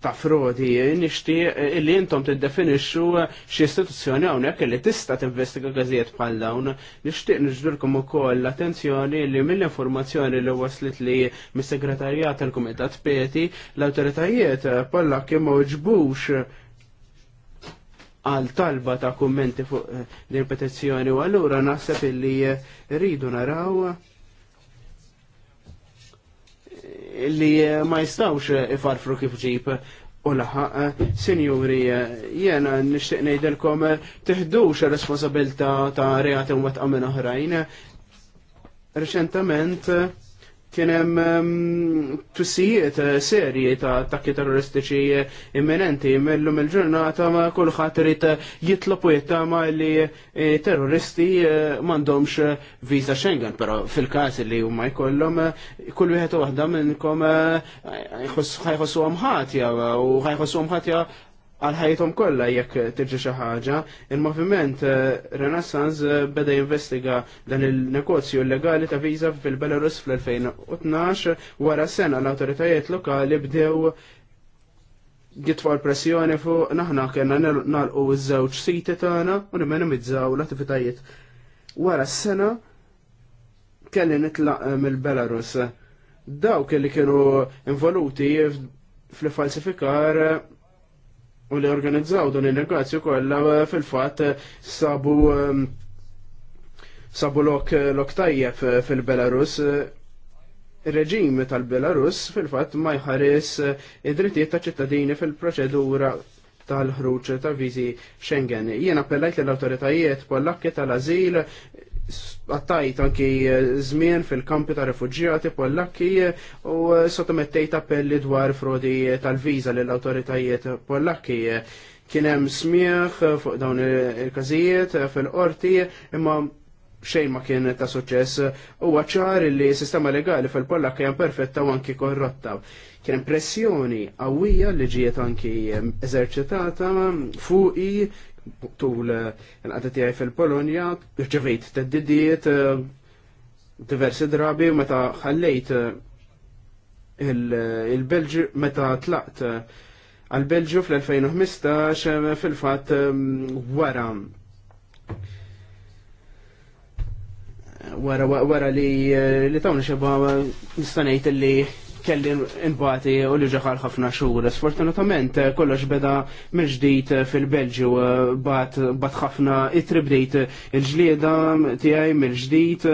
[SPEAKER 2] ta' frodi, nixtieq jintom eh, intom tiddefinixxu eh, xi istituzzjoni hawnhekk illi tista' tinvestiga għazijiet bħal dawn. Nixtieq u ukoll l-attenzjoni li mill-informazzjoni li waslit li mis-segretarjat tal-Kumitat Peti l-awtoritajiet eh, pollak imma uġbux għal talba ta' kummenti fuq din eh, petizzjoni u allura naħseb illi eh, rridu naraw eh, illi ma jistawx ifarfru kif ġib u laħaq. Sinjuri, jena nishtiq nejdilkom tiħdux responsabilta ta' reati u matqa minn oħrajn. Reċentament, kien hemm ehm, tussijiet eh, serji ta' attakki terroristiċi eh, imminenti millum il-ġurnata ma' kulħadd irid eh, jitlob u jittama li terroristi m'għandhomx viża Schengen, però fil kas li huma jkollhom kull wieħed waħda minnkom ħajħossuhom ħatja u ħajħossuhom ħatja għal ħajtom kollha jekk tiġi xi ħaġa, il-moviment eh, Renaissance eh, beda jinvestiga dan il-negozju illegali ta' viża fil-Belarus fl-2012 wara sena l-awtoritajiet lokali bdew l pressjoni fuq naħna kena nalqu iż-żewġ siti tagħna u mizzaw l-attivitajiet. Wara s-sena kelli nitlaq eh, mill-Belarus. Dawk li kienu involuti fl-falsifikar u li organizzaw dan il-negozju kollha eh, fil-fatt eh, sabu eh, sabu lok, lok tajjeb fil-Belarus reġim tal-Belarus fil-fatt ma jħares id-drittijiet ta' ċittadini fil-proċedura tal-ħruġ ta' viżi Schengen. Jien appellajt l-autoritajiet pollakki tal-azil għattajt anki zmin eh, fil-kampi ta' refugġijati pollakki eh, u eh, sottomettejt appelli dwar frodi tal-viza l-autoritajiet pollakki. Kienem smieħ fuq dawn il-kazijiet fil-qorti imma xejn ma kien ta' suċċess u għacċar li sistema legali fil-Pollakki jan perfetta u anki korrotta. Kien pressjoni għawija li ġiet anki eżerċitata fuqi tul eh, l-qata tiegħi fil-Polonja, rċevejt teddidiet eh, diversi drabi meta ħallejt eh, il-Belġu meta tlaqt għal-Belġu fl-2015 fil-fatt wara wara wara li li tawna xeba nistanajt li kelli inbati u li ġaħal ħafna xhur. Sfortunatament kollox beda mill-ġdid fil-Belġju bat bat ħafna it-tribdejt il-ġlieda tiegħi mill-ġdid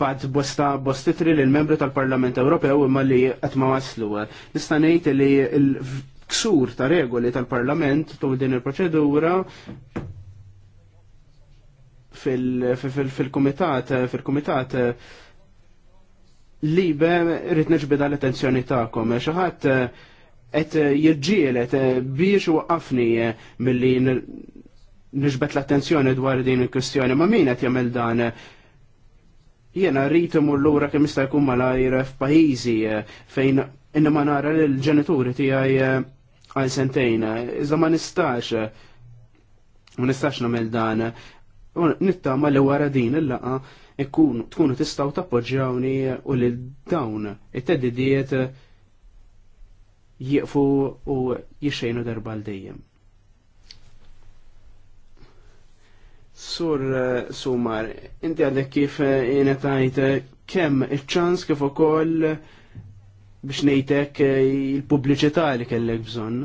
[SPEAKER 2] bat bosta bostitri l membri tal-Parlament Ewropew imma li għatma waslu. Nista' ngħid li l-ksur ta' regoli tal-Parlament tu din il-proċedura fil-komitat fil-komitat fil komitat fil komitat fil fil libe rrit neġbida l-attenzjoni ta'kom. Xaħat et eh, eh, jirġielet eh, biex waqqafni mill-li neġbet l-attenzjoni dwar din il-kustjoni. Ma min qed jagħmel dan? Jena u l lura kemm jista' jkun malajr f'pajjiżi fejn inna ma nara l-ġenituri tiegħi għal sentejn. Iżda ma nistax ma nistax nagħmel dan. Nittama li wara din il-laqa' ikkun tkunu tistaw tappoġġjawni u li dawn it-teddidiet jieqfu u jixxejnu darba l dejjem. Sur eh, Sumar, inti għadek kif jenetajt eh, eh, kemm il-ċans kif ukoll biex nejtek il-pubbliċità li kellek bżonn.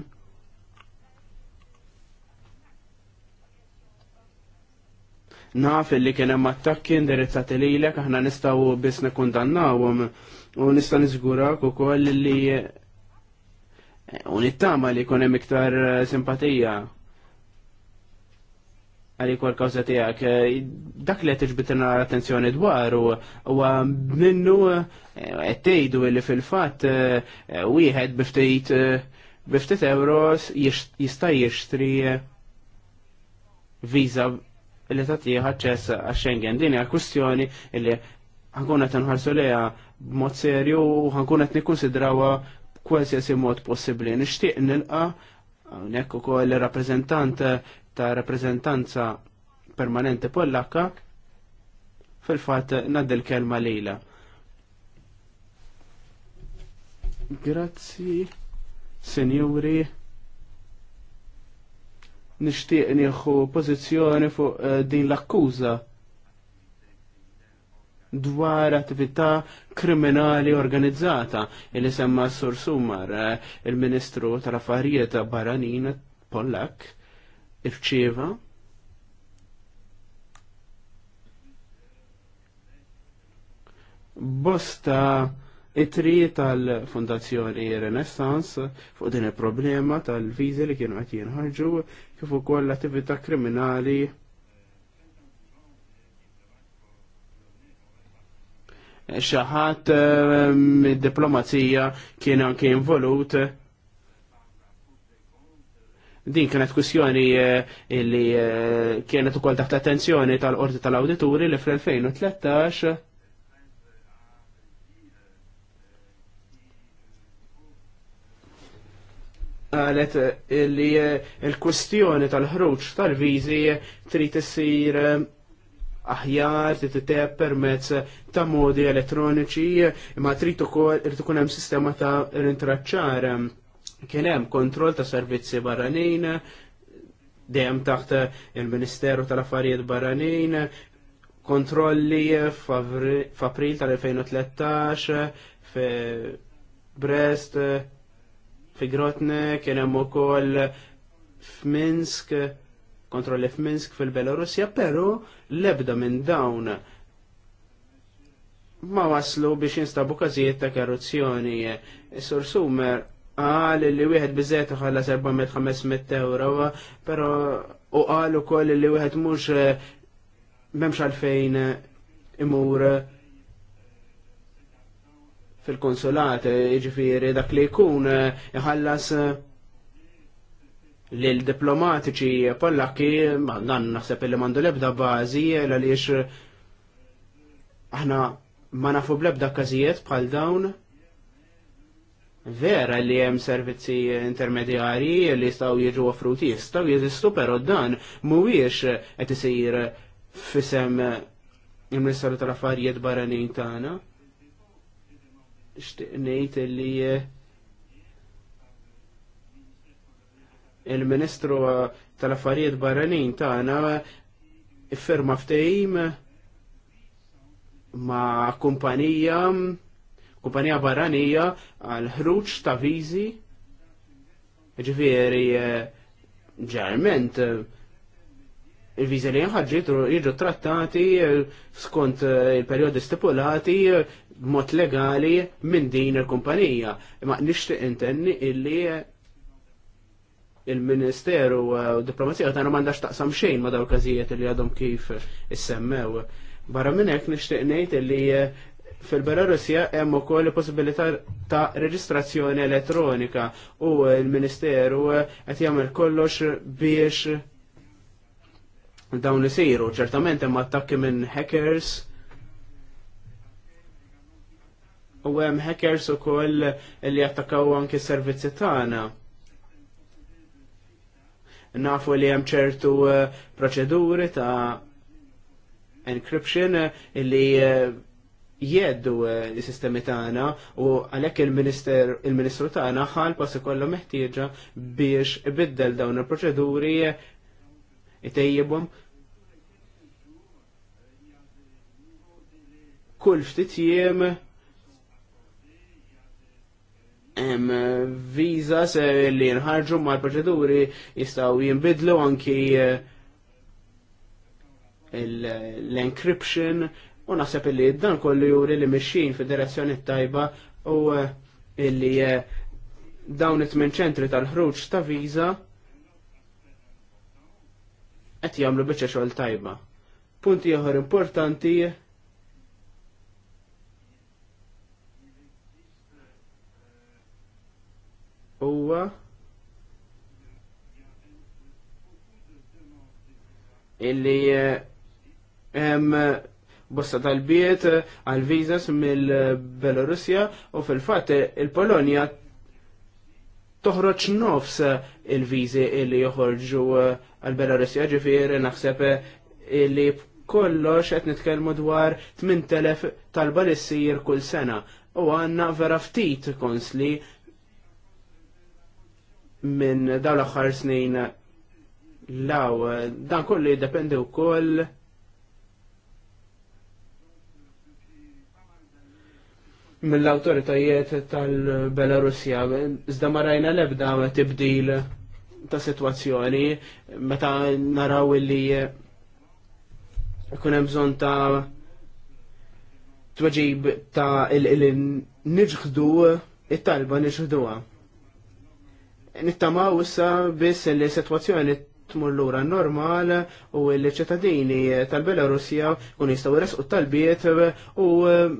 [SPEAKER 2] naf li kien hemm attakki indirizzati lilek aħna nistgħu biss nikkundannawhom u nista' niżgurak ukoll li u nittama li jkun hemm iktar eh, simpatija għalik għal kawza tijak, eh, dak li tiġbitina l-attenzjoni dwar u minnu eh, għettejdu li fil-fat wieħed biftit biftit euros jista' jixtri viza Li tagħtiha ċess għax-Schengen. Din hija kwistjoni li ħankun qed nħarsu lejha b'mod serju u ħankun qed nikkunsidrawha b'kwalsiasi mod possibbli. Nixtieq nilqa hawnhekk ukoll rappreżentant ta' rappreżentanza permanenti Pollakka fil-fatt nad il-kelma lejla. Grazzi, senjuri nixtieq nieħu pożizzjoni fuq eh, din l-akkuża dwar attività kriminali organizzata li semma Sur Sumar, eh, il-Ministru tal-Affarijiet Barranin Pollak, irċieva. Bosta it-tri tal-Fondazzjoni Renaissance fuq din il-problema tal-viżi li kienu qed jinħarġu kif ukoll l-attività kriminali xaħat ehm, diplomazija kien anke involut din kienet kwistjoni eh, li eh, kienet ukoll taħt attenzjoni tal-Qorti tal-Awdituri li fl-2013 għalet li eh, il-kwestjoni tal-ħruġ tal-viżi trid issir eh, aħjar trid titeb permezz ta' modi elettroniċi imma trid ukoll ikun hemm sistema ta' rintraċċar. Kien hemm kontroll ta' servizzi barranin, dejjem taħt il-Ministeru tal-Affarijiet Barranin, kontrolli f'April tal-2013 f'Brest. Brest, fi Grotne, kien hemm ukoll f'Minsk, kontrolli f'Minsk fil-Belorussja, però l-ebda minn dawn ma waslu biex jinstabu każijiet ta' karruzzjoni. sur Sumer qal li wieħed biżejt ħallas 400-500 euro, però u qal ukoll li wieħed mhux m'hemmx għalfejn imur fil-konsulat, e, ġifiri dak li jkun e, iħallas e, l-diplomatiċi pollaki, dan naħseb li mandu lebda bazi, għaliex aħna ma nafu blebda kazijiet bħal dawn. Vera li hemm servizzi intermedjari li jistgħu jiġu offruti jistgħu jeżistu, però dan mhuwiex qed isir fisem il-Ministeru tal-Affarijiet Barranin tagħna xtiqnejt li eh, il-Ministru tal-Affarijiet Barranin tagħna ifferma ftehim ma' kumpanija kumpanija barranija għal ħruġ ta' viżi ġifieri eh, ġerment eh, il-viżi li jħadġi jiġu trattati skont il-perjodi stipulati mod legali minn din il-kumpanija. Ma nixtieq intenni illi il-Ministeru eh, u diplomazija tagħna mandax taqsam xejn ma' dawk każijiet li għadhom kif issemmew. Barra minn hekk nixtieq ngħid illi eh, fil-Belarusja hemm ukoll possibilità ta' reġistrazzjoni elettronika u l-Ministeru eh, qed jagħmel kollox biex dawn isiru. Ċertament hemm attakki minn hackers u hemm hackers ukoll li jattakaw anki servizzi tagħna. Nafu li hemm ċertu eh, proċeduri ta' encryption eh, li eh, jeddu li sistemi tagħna u għalhekk il-Ministru tagħna ħalpas kollu meħtieġa biex ibiddel dawn il-proċeduri itejjibhom kull ftit jiem se li nħarġu mal proċeduri jistaw jimbidlu anki eh, l-encryption u naħseb li dan kollu juri li mixin fi direzzjoni tajba u eh, li eh, dawn it-tmin ċentri tal-ħruġ ta' viza qed jagħmlu biċċa xogħol tajba. Punti oħor importanti huwa illi hemm eh, bosta tal-biet eh, għal vizas mill-Belorussja u fil-fatt eh, il-Polonja toħroġ nofs il-viżi illi joħorġu għal Belorussja ġifieri naħseb illi kollox qed nitkellmu dwar 8000 talba balissir kull sena u għandna vera ftit konsli minn daw l-axħar snin law, dan kollu jiddependi u koll mill-autoritajiet tal-Belarusja. Iżda marajna lebda tibdil ta' situazzjoni meta naraw li kun hemm bżonn ta' tweġib ta' il-nġħdu it-talba nġħduha nittamaw issa biss li situazzjoni tmur lura normal u l-ċittadini tal-Belarusja kun jistaw resqu tal-biet u eh,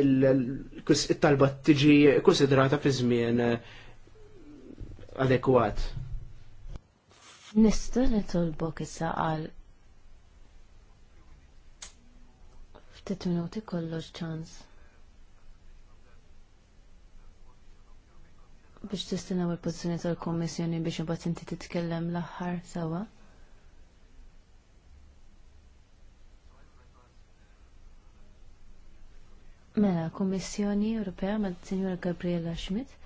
[SPEAKER 2] il-talba tiġi konsidrata fi żmien adekwat.
[SPEAKER 1] Nista' nitolbok issa għal ftit minuti kollox ċans. biex tistenaw il-pozizjoni tal-Kommissjoni biex imbagħad inti titkellem l-aħħar sewa. Mela, Komissjoni Ewropea ma' Sinjora Gabriela Schmidt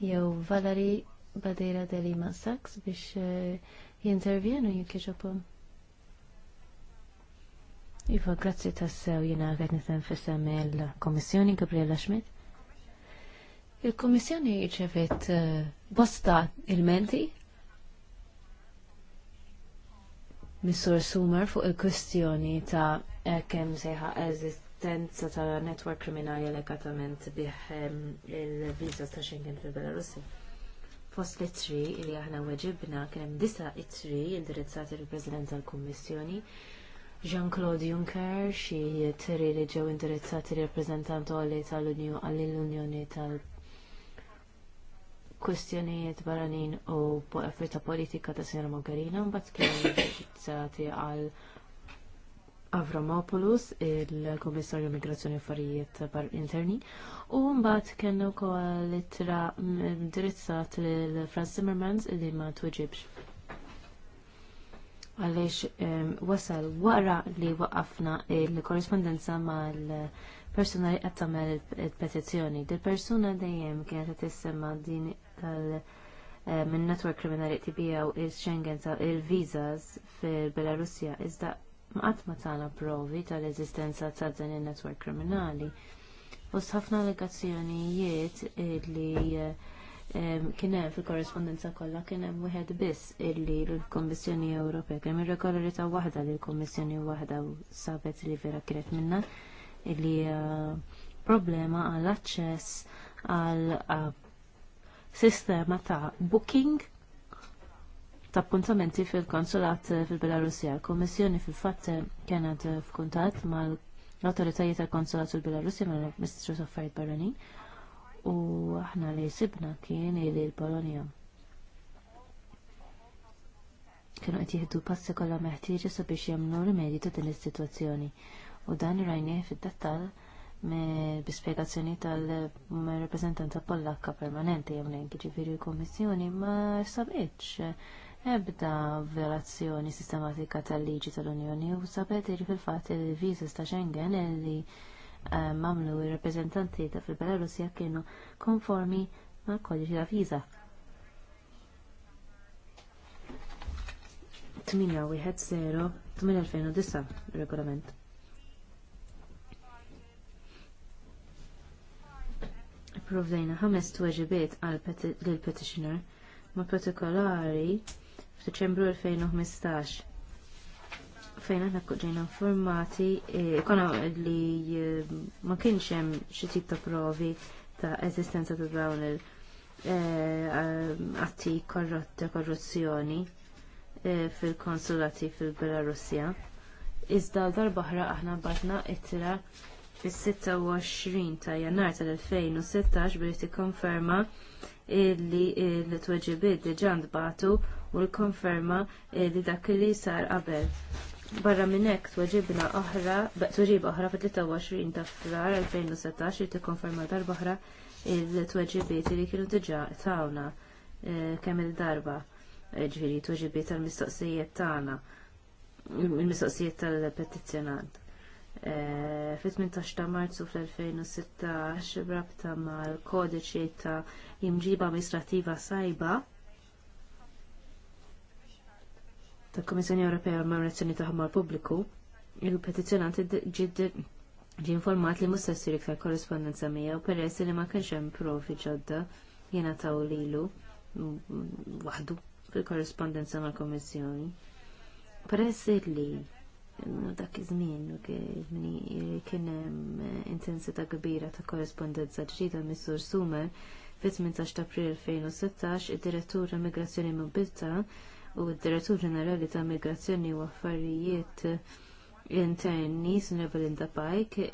[SPEAKER 1] jew Valeri Badeira de Lima Sachs biex eh, jintervjenu jekk jiġobhom. Iva, grazzi tassew jina għedni nitem fissem il-Kommissjoni Gabriela Schmidt. Il-Komissjoni ċevet eh, bosta il-menti Missur Sumer fuq il-kwestjoni ta' kemm sejħa eżistenza ta' network kriminali legatament bih il-viza ta' Schengen fil-Belarussi. Fost l-ittri li aħna weġibna kien hemm disa ittri indirizzati il-President tal-Kummissjoni Jean-Claude Juncker xi tiri li ġew indirizzati rappreżentant għalli tal-Unjoni tal kwestjonijiet barranin u effetta politika ta' Sinjora Mogherina mbagħad kienet għal Avramopoulos, il-Komissarju Migrazzjoni Affarijiet Interni, u mbagħad kien ukoll ittra indirizzat lil Franz Zimmermans li ma tweġibx. Għaliex wasal wara li waqafna il-korrespondenza mal-persuna li qed tagħmel il-petizzjoni. Dil-persuna dejjem kienet qed tissemma din tal- eh, minn network kriminali tibijaw il-Schengen il visas fil-Belarusja iżda maqat ma tagħna provi tal-eżistenza ta' dan il-network kriminali. Fost ħafna allegazzjonijiet li eh, kien hemm fil-korrespondenza kollha kien hemm wieħed biss illi l-Kommissjoni Ewropea kien hemm ta' waħda li l-Kommissjoni waħda sabet li vera kienet minna illi eh, problema għall aċċess għal sistema ta' booking ta' appuntamenti fil-konsulat eh, fil-Belarusja. L-Kommissjoni fil-fatt eh, kienet eh, f'kuntatt mal-autoritajiet tal-konsulat fil-Belarusja mal-Ministru Saffariet Barranin u aħna li sibna kien li l-Polonja kienu qed jieħdu passi kollha meħtieġa sabiex jemmnu rimedju ta' din is-sitwazzjoni u dan rajnieh fid-dettall bispiegazzjoni tal-reprezentanta Pollakka permanenti jemlenk ġifiri kommissjoni ma sabiċ ebda violazzjoni sistematika tal-liġi tal-Unjoni u sabet li fil-fat il-vizis ta' Schengen li eh, mamlu il-reprezentanti ta' fil-Belarusja kienu konformi ma' kodiċi ta' viza. 810 2009 regolament. provdejna ħames tweġibiet għal petitioner ma protokolari f'Deċembru 2015 fejn aħna ġejna informati e, konna li e, ma kienx hemm xi tip ta' provi ta' eżistenza ta' dawn il-atti e, korrotta korruzzjoni fil-konsulati fil-Belarusja. Iżda l-darbaħra aħna batna ittra fis-26 ta' jannar tal-2016 biex tikkonferma li l-tweġibiet diġà ntbagħtu u l-konferma li dak li sar qabel. Barra minn hekk tweġibna oħra, tweġib oħra fit-23 ta' frar 2016 li tikkonferma darba oħra il-tweġibiet li kienu diġà tawna eh, kemm il-darba eh, ġviri tweġibiet tal-mistoqsijiet tagħna il-mistoqsijiet tal-petizzjonant. Eh, fit-18 ta' marzu fl-2016 rabta mal kodiċi ta' imġiba amministrativa sajba tal Komissjoni Ewropea għal Mamrazzjoni ta' ħammar pubbliku, il-petizjonant ġid ġi informat li musta ssir iktar korrespondenza u peress li ma kienx hemm provi ġodda jiena ta' lilu waħdu fil-korrespondenza mal-Komissjoni. Peress li ma dak iż-żmien kien hemm eh, intensità kbira ta' korrespondenza ġdida mis-Sur Sumer fit-18 ta' April 2016 id-Direttur Immigrazzjoni Mobilità u d-Direttur Ġenerali ta' Migrazzjoni u Affarijiet eh, interni Snevelinda Pike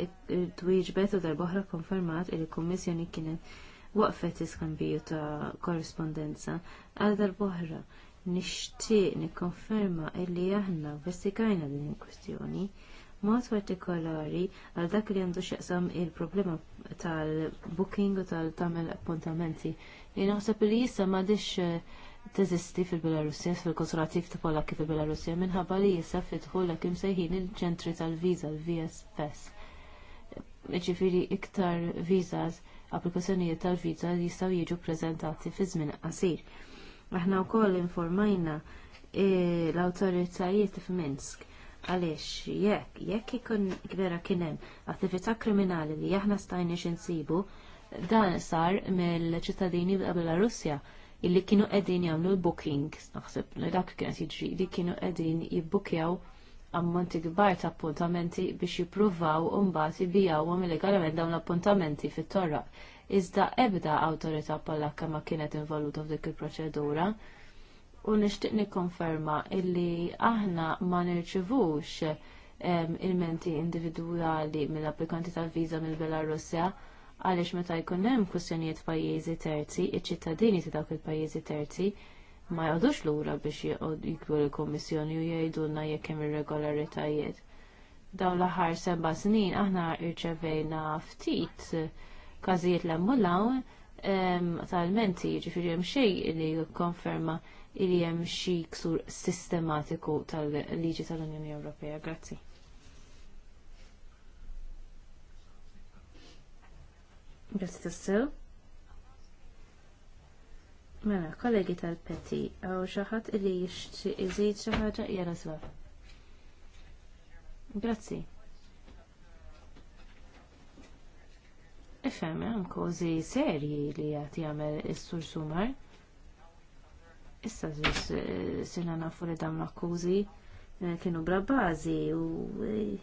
[SPEAKER 1] twieġbet u darbohra konfermat li l-Kummissjoni kienet waqfet iskambiju ta' korrespondenza għal darbohra. boħra nixtieq nikkonferma illi aħna investigajna din il-kwestjoni mod partikolari għal dak li għandu x'jaqsam il-problema tal-booking u tal-tamel appuntamenti. Li naħseb li issa m'għadix eh, teżisti fil-Belarusja, fil-konsulattiv ta' Polakki fil-Belarusja, minħabba li issa fitħol kim sejħin il-ċentri tal-viza, l-VSS. Ġifiri iktar vizas, applikazzjonijiet tal-viza jistaw jiġu prezentati fi żmien qasir Aħna wkoll informajna e, l-awtoritajiet f'Minsk għaliex jekk jekk ikun vera kien hemm attività kriminali li aħna stajniex insibu dan sar mill-ċittadini qabel Russja illi kienu qegħdin jagħmlu l-booking, naħseb li dak kien jiġri li kienu qegħdin jibbukjaw ammonti kbar ta' appuntamenti biex jippruvaw u mbagħad jibijawhom illegalment dawn l-appuntamenti fit torra iżda ebda awtorità Pollakka ma kienet involuta f'dik il-proċedura u nixtieq nikkonferma illi aħna ma nirċivux il-menti individwali mill-applikanti tal-viża mill-Belarusja għaliex meta jkun hemm kwistjonijiet pajjiżi terzi, iċ-ċittadini ta' dawk il-pajjiżi terzi ma jgħodux lura biex jikbru l-Kummissjoni u jgħidulna jekk hemm irregolaritajiet. Dawn l-aħħar seba' snin aħna rċevejna ftit każijiet l ammullaw talmenti ġifiri hemm xej li jikkonferma li hemm xi ksur sistematiku tal-liġi tal-Unjoni Ewropea. Grazzi. Grazzi tassew. Mela, kollegi tal-peti, għaw xaħat li jixti iżid xaħġa jara zvar. Grazzi. ifhem hemm kożi serji li qed jagħmel is-sur Sumar. Issa sirna eh, nafu li dawn l-akkużi eh, kienu bla bażi u eh,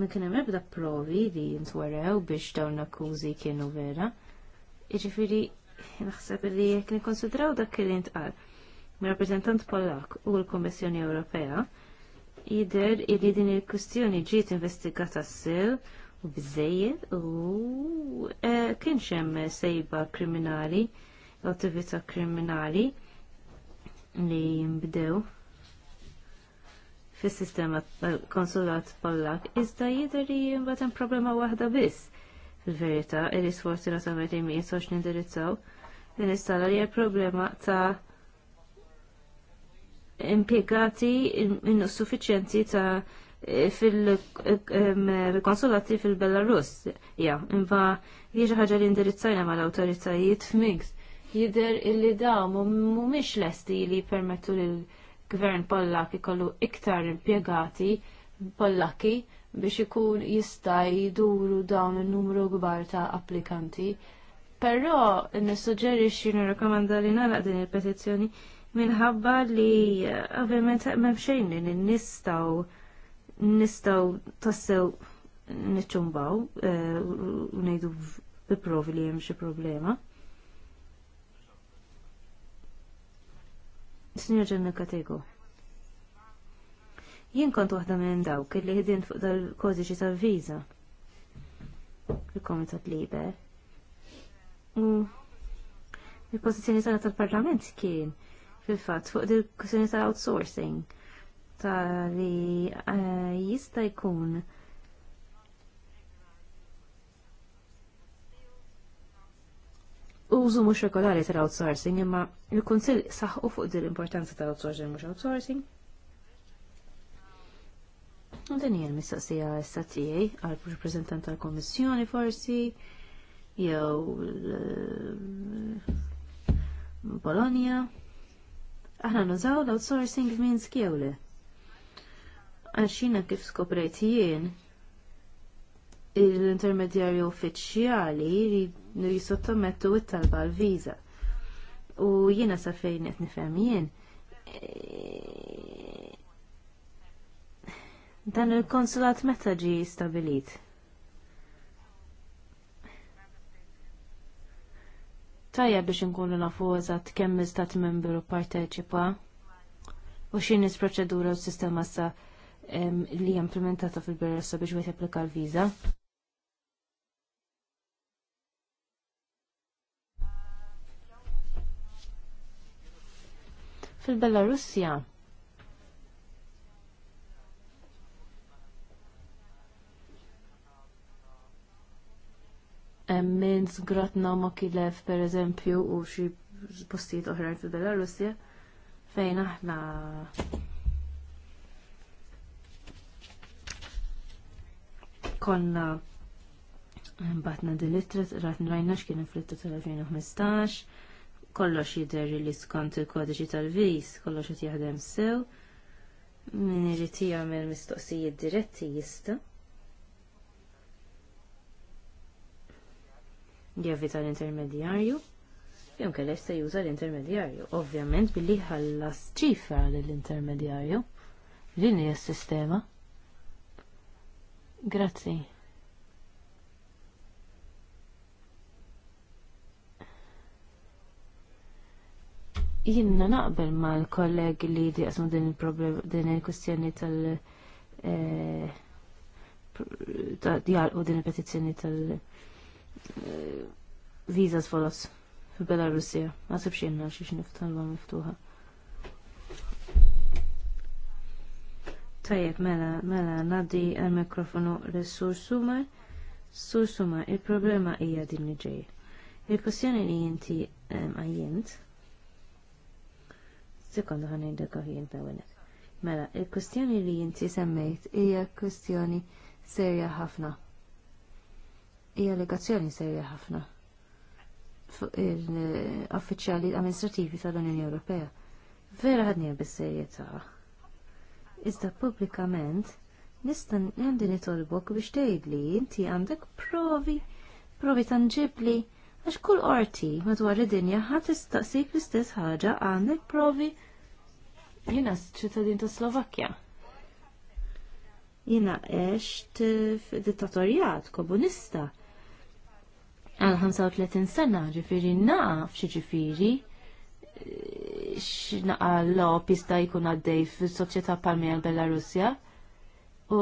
[SPEAKER 1] ma kien hemm ebda provi li ntwerew biex dawn l kienu vera. Jiġifieri naħseb li jekk nikkonsidraw dak li ntqal mir-rappreżentant Pollak u l-Kummissjoni Ewropea jidher li din il-kwistjoni ġiet investigata s sil bizzejjed u e, kienx hemm sejba kriminali, attività kriminali li jinbdew fis-sistema konsulat Pollak iżda jidher li mbagħad hemm problema waħda biss fil-verità li sforzi la samet imi jisox nindirizzaw din istala li problema ta' impiegati in suffiċjenti ta' fil konsulati fil-Belarus. Ja, imba jieġa ħagġa li indirizzajna mal awtoritajiet f'Mix. Jider illi da mumiex lesti li permettu li l-gvern Pollak ikollu iktar impiegati Pollaki biex ikun jista' jduru dawn il-numru kbar ta' applikanti. Però nissuġġerixxi nirrakkomanda li nagħlaq din il-petizzjoni minħabba li eh, ovvjament m'hemm xejn li nistgħu nistaw tassew niċċumbaw eh, u nejdu biprovi li jem xie problema. Signor Ġenna Katego. Jien kont waħda minn dawk li ħidin fuq dal-kodiċi tal-viza. Il-Komitat Liber. U il-pozizjoni tal-parlament kien fil-fat fuq il-kwestjoni tal-outsourcing tali eh, jista jkun użu mux regolari tal-outsourcing imma il-Kunsill saħħu fuq dil l-importanza tal-outsourcing mhux outsourcing. U din hija l-mistoqsija issa tiegħi għal rappreżentant tal-Kummissjoni forsi jew eh, Bologna. Aħna nużaw l-outsourcing f'Minsk jew le. Għaxina kif skoprejt jien, l-intermedjarju uffiċjali jisottomettu it-talba l-viza. U jiena sa fejn qed nifhem jien. Eh, dan il-konsulat meta ġi stabilit? tajja biex nkunu nafu eżatt kemm istat membru parteċipa u x'inhi proċedura u s sistema sa li hija implementata fil-Beressa biex wieħed japplika l-viża. Fil-Belarusja minn zgratna ma kilef per eżempju u xi postijiet oħrajn fil-Belarusja fejn aħna konna eh, batna din l-ittra, kien rajna x'kien tal-2015, kollox jider li skont il-kodiċi tal-vis, kollox qed jaħdem sew, min irid jagħmel mistoqsijiet diretti jista'. Jevita l-intermedjarju, jew kellex se juża l-intermedjarju, ovvjament billi ħallas ċifra lill-intermedjarju. l hija s-sistema. Grazzi. Jinnna naqbel ma l-kolleg li għasmu din il-problem, din il-kustjoni tal- dialqu eh, din il-petizzjoni tal- eh, visas folos fil-Belarusja. Ma sibx jenna xiex niftalba miftuħa. Tajjeb, mela, mela, naddi għal-mikrofonu l-sur Sumar. Sur Sumar, il-problema hija din li ġej. Il-kwestjoni li jinti għajjent, sekondu ħan jindek għajjent għawenek. Mela, il-kwestjoni li jinti semmejt hija kwestjoni serja ħafna. Hija legazzjoni serja ħafna fuq il-affiċjali eh, amministrativi tal-Unjoni Ewropea. Vera ħadnija bis-serjetà Iżda pubblikament nista' din nitolbok biex tgħidli inti għandek provi, provi tanġibli għax kull qorti madwar id-dinja ħadd tistaqsik l-istess ħaġa għandek provi jiena ċittadin ta' Slovakkja. Jiena għext f'dittatorjat komunista għal 35 sena ġifiri naqaf xi ġifiri x'naqa l-op jista' jkun għaddej fis-soċjetà palmija l-Belarusja. U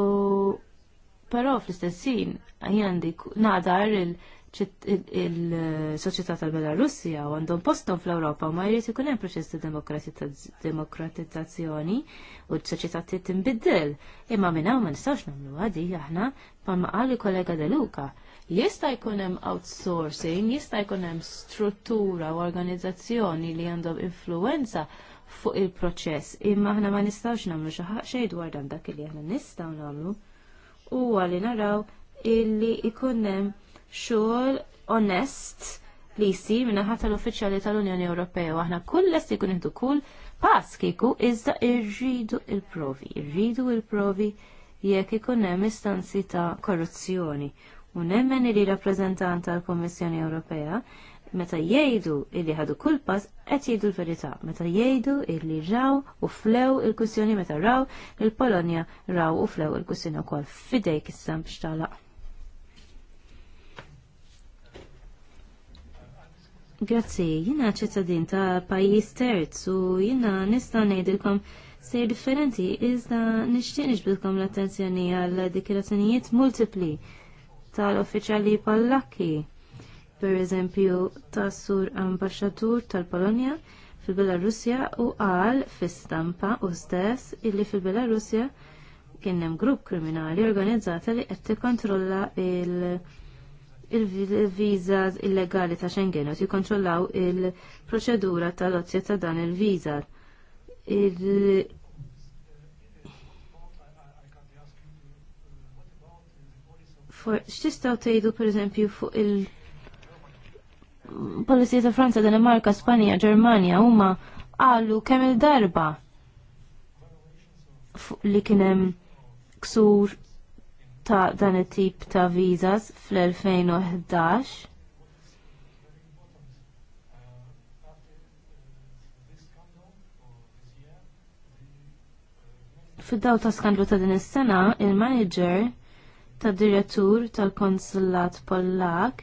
[SPEAKER 1] però fl-istessin għandi nadar il-soċjetà tal-Belarusja u għandhom postom fl-Ewropa ma jrid ikun hemm proċess ta' demokratizzazzjoni u s-soċjetà tinbiddel. Imma minn hawn ma nistgħux nagħmlu għadi aħna bħalma qal kollega Deluka. Luka Jista' jkun hemm outsourcing, jista' jkun hemm struttura u organizzazzjoni li għandhom influenza fuq il-proċess, imma aħna ma nistgħux nagħmlu xi xejn dwar dan dak li aħna nistgħu nagħmlu huwa li naraw illi ikun hemm xogħol onest li jsir minn naħa tal-uffiċjali tal-Unjoni Ewropea u aħna kull lest ikun kull pass kieku iżda rridu il-provi, rridu il-provi jekk ikun hemm istanzi ta' korruzzjoni U nemmen li rappresentant tal-Kummissjoni Ewropea meta jgħidu illi ħadu kull pass qed jgħidu l-verità, meta jgħidu illi raw u flew il-kussjoni meta raw il-Polonja raw u flew il-kussjoni wkoll fidejk issa biex tagħlaq. Grazzi, jina ċittadin ta' pajjiż terzu, u jina nista' ngħidilkom sejr differenti iżda nixtieq nixbilkom l-attenzjoni għal dikirazzjonijiet multipli tal-uffiċjali pollakki, pereżempju tas sur Ambaxxatur tal-Polonja fil-Belarusja u qal fis-stampa u stess illi fil-Belarusja kien hemm grupp kriminali organizzata li qed tikkontrolla il- il-vizas illegali ta' Schengen u jikkontrollaw il-proċedura tal-ozzja ta' dan il-vizas x'tistgħu tgħidu pereżempju fuq il- Polizija ta' Franza, Danimarka, Spanja, Ġermanja huma qalu kemm il-darba li kien hemm ksur ta' dan it-tip ta' visas fl-2011. Fid-daw ta' skandlu ta' din is-sena, il-manager tad direttur tal-Konsulat Pollak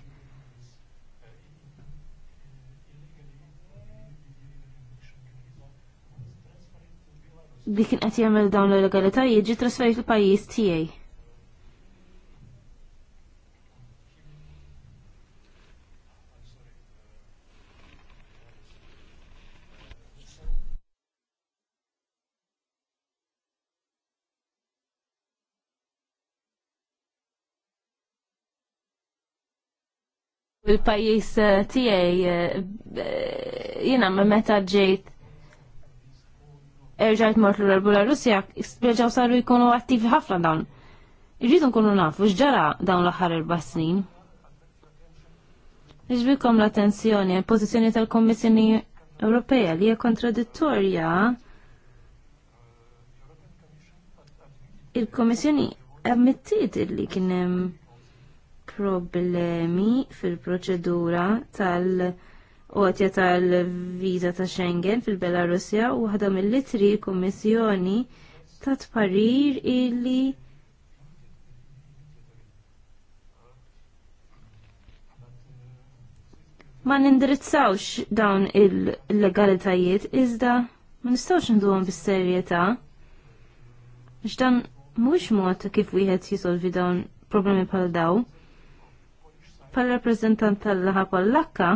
[SPEAKER 1] li kien qed jagħmel dawn l-ilegalitajiet ġie trasferit il pajjiż tiegħi. il-pajis eh, tijaj eh, eh, jina ma meta ġejt erġajt mort l-Arbu la Russja, saru jkunu attivi ħafna dawn. Irridu nkunu nafu x'ġara dawn l-aħħar erba' snin. Iġbikom l-attenzjoni għal pożizzjoni tal-Kommissjoni Ewropea li hija kontradittorja il-Kommissjoni ammettiet li kien hemm problemi fil-proċedura tal- għotja tal-viza ta' Schengen fil-Belarusja u waħda mill-litri kummissjoni ta' tparir illi ma nindirizzawx dawn il-legalitajiet iżda ma nistawx nduhom bis-serjetà biex dan mhux mod kif wieħed jisolvi dawn problemi bħal dawn pal rappresentant tal-laħa pollakka,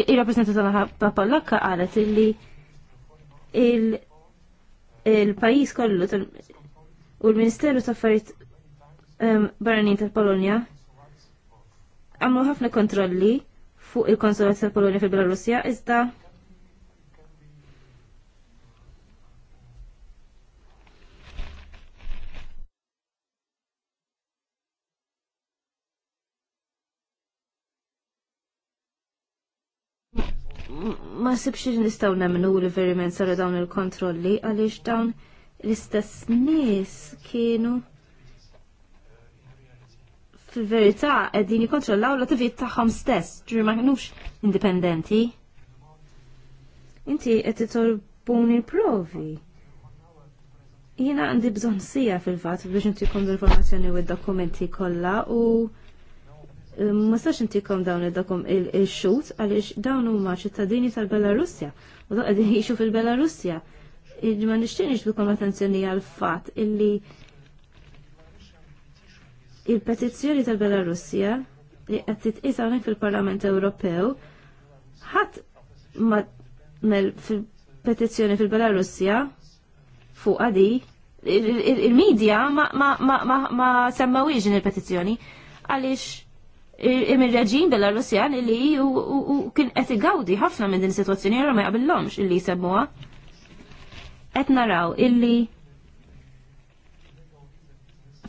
[SPEAKER 1] il-rappresentant tal-laħa pollakka għalet illi il-pajis kollu u l-Ministeru ta' Affarijiet Barranin tal-Polonja għamlu ħafna kontrolli fuq il-konsulat tal-Polonja fil-Belarusja iżda naħsibx li nistgħu nemmnu li veriment saru dawn il-kontrolli għaliex dawn l-istess nies kienu fil-verità qegħdin jikkontrollaw l-attivit tagħhom stess, ġri ma kinux indipendenti. Inti qed titolbuni provi. Jiena għandi bżonn sija fil-fatt biex intikom l-informazzjoni u d-dokumenti kollha u ma sax intikom dawn id-dakom il-xut għaliex dawn huma ċittadini tal-Belarusja u da qegħdin jiexu fil-Belarusja. Ma nixtieq nixbilkom attenzjoni għal fatt illi il-petizzjoni tal-Belarusja li qed isa hawnhekk fil-Parlament Ewropew ħadd ma fil-petizzjoni fil-Belarusja fuq għadi il-medja ma semmawiex il-petizzjoni għaliex ir-reġim Belarusjan li kien qed igawdi ħafna minn din is-sitwazzjoni ma jaqbilhomx illi jsemmuha. Qed naraw illi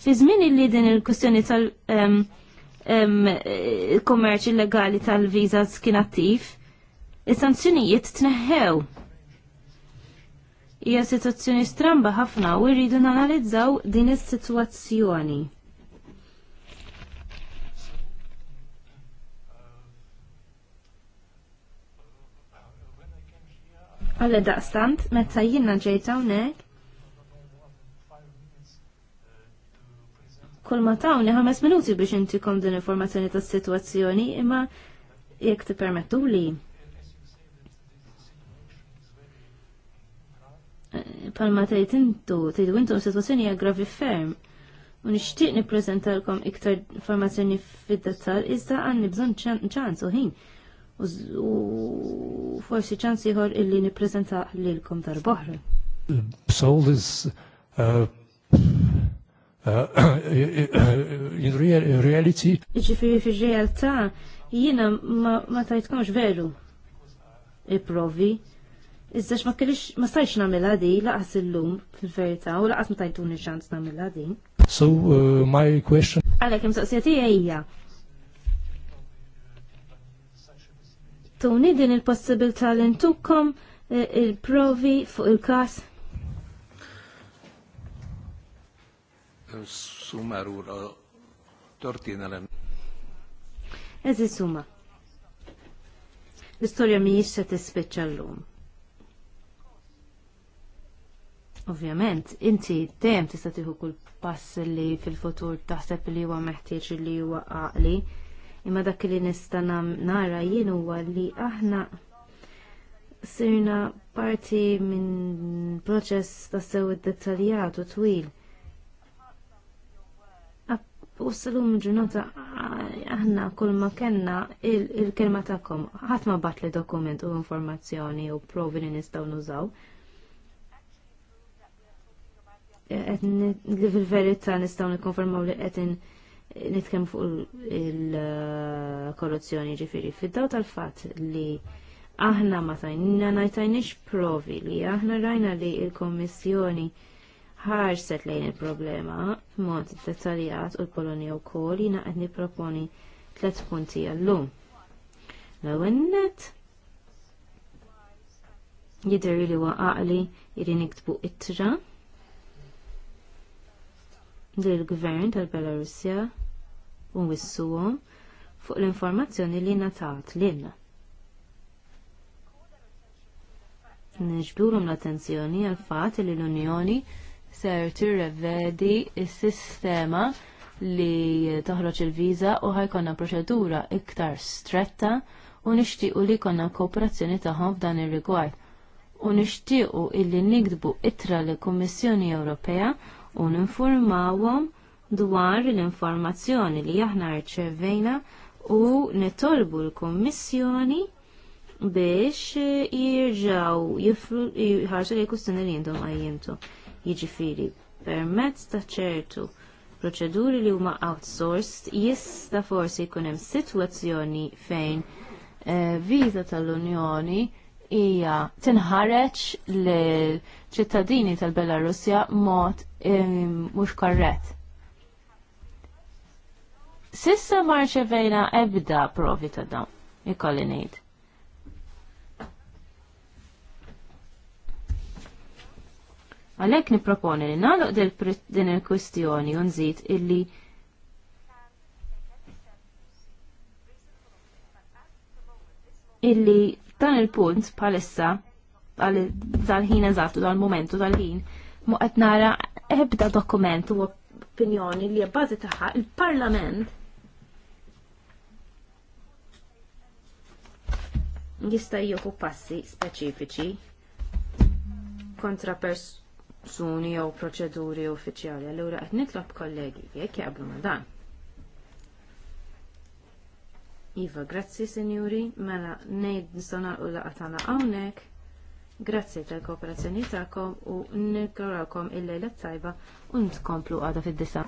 [SPEAKER 1] fi żmien illi din il-kwistjoni tal- kummerċ illegali tal-vizas kien attiv, is-sanzjonijiet tneħħew. Hija sitwazzjoni stramba ħafna u rridu nanalizzaw din is-sitwazzjoni. Għalli daqstant, meta jina ġejta unek, Kol ma tawni ħames minuti biex inti kom din informazzjoni ta' situazzjoni imma jek ti permettu li. Eh, palma tajt intu, tajt intu situazzjoni għagravi ferm. U nixtieq nippreżentalkom iktar informazzjoni fid-dettal iżda għanni bżonn ċans u ħin u forsi ċans ieħor illi nippreżenta lilkom darb'oħra.
[SPEAKER 2] Soul is uh, uh, uh, in reality.
[SPEAKER 1] Iġifiri fi realtà jiena ma tajtkomx veru il-provi. Iżdax ma kellix ma stajx nagħmilha di laqas illum fil-verità u laqas ma tajtuni ċans nagħmilha di.
[SPEAKER 2] So uh, my question.
[SPEAKER 1] Għalek, imsaqsija għajja. hija tuni din il-possibilità li ntukkom eh, il-provi fuq il-kas.
[SPEAKER 3] Summa
[SPEAKER 2] rura tortina l
[SPEAKER 1] Ezi summa. L-istoria mi jisċa t l-lum. Ovvjament, inti dejjem tista' tieħu kull pass li fil-futur taħseb li huwa meħtieġ li huwa għaqli Imma dak li nista' nara jien huwa li aħna sirna parti minn proċess ta' sew id-dettaljat u twil. U s-salum ġunota aħna kull ma kenna il-kelma ta'kom. ħat ma bat li dokument u informazzjoni u provi li nistaw nużaw. E, li fil-verita nistaw nikonfermaw li għetin nitkem fuq il-korruzzjoni ġifiri fid-daw tal-fatt li aħna ma tajna najtajniex provi li aħna rajna li il-Kommissjoni ħarset lejn il-problema mod dettaljat u l-Polonja u kol jina qed proponi tlet punti għallum. L-ewwel net jidher li waqaqli jiri niktbu ittra lill-gvern tal-Belarusja u fuq l-informazzjoni li natat lin. Nġdurum l-attenzjoni għal fat li l-Unjoni ser tirrevedi s-sistema li toħroġ il-viża u ħajkonna proċedura iktar stretta u nixtiequ li konna kooperazzjoni tagħhom f'dan ir-rigward. U nixtiequ illi nikdbu itra l kummissjoni Ewropea u ninformawhom dwar l-informazzjoni li aħna rċevejna u nitolbu l-Kommissjoni biex jirġaw jħarġu li kustan li jendom għajjimtu. jġifiri permezz ta' ċertu proċeduri li huma outsourced jista' forsi jkun hemm sitwazzjoni fejn eh, viza tal-Unjoni hija tinħareġ l ċittadini tal-Belarusja mod mhux korrett. Sissa marċevejna ebda provi ta' dawn, ikolli ngħid. Għalhekk nipproponi li naluq din il-kwistjoni unżit nżid illi illi dan il-punt bħalissa tal-ħin eżattu tal-momentu tal-ħin mu qed nara ebda dokument u opinjoni li għabbazi taħħa il-Parlament jista' jieħu passi speċifiċi kontra persuni jew proċeduri uffiċjali. Allura qed nitlob kollegi jekk jaqblu ma' dan. Iva, grazzi sinjuri, mela nejd nistana u tagħna għawnek. Grazzi tal-kooperazzjoni ta'kom u nikrawkom il-lejla tajba u nitkomplu għada fid-disa.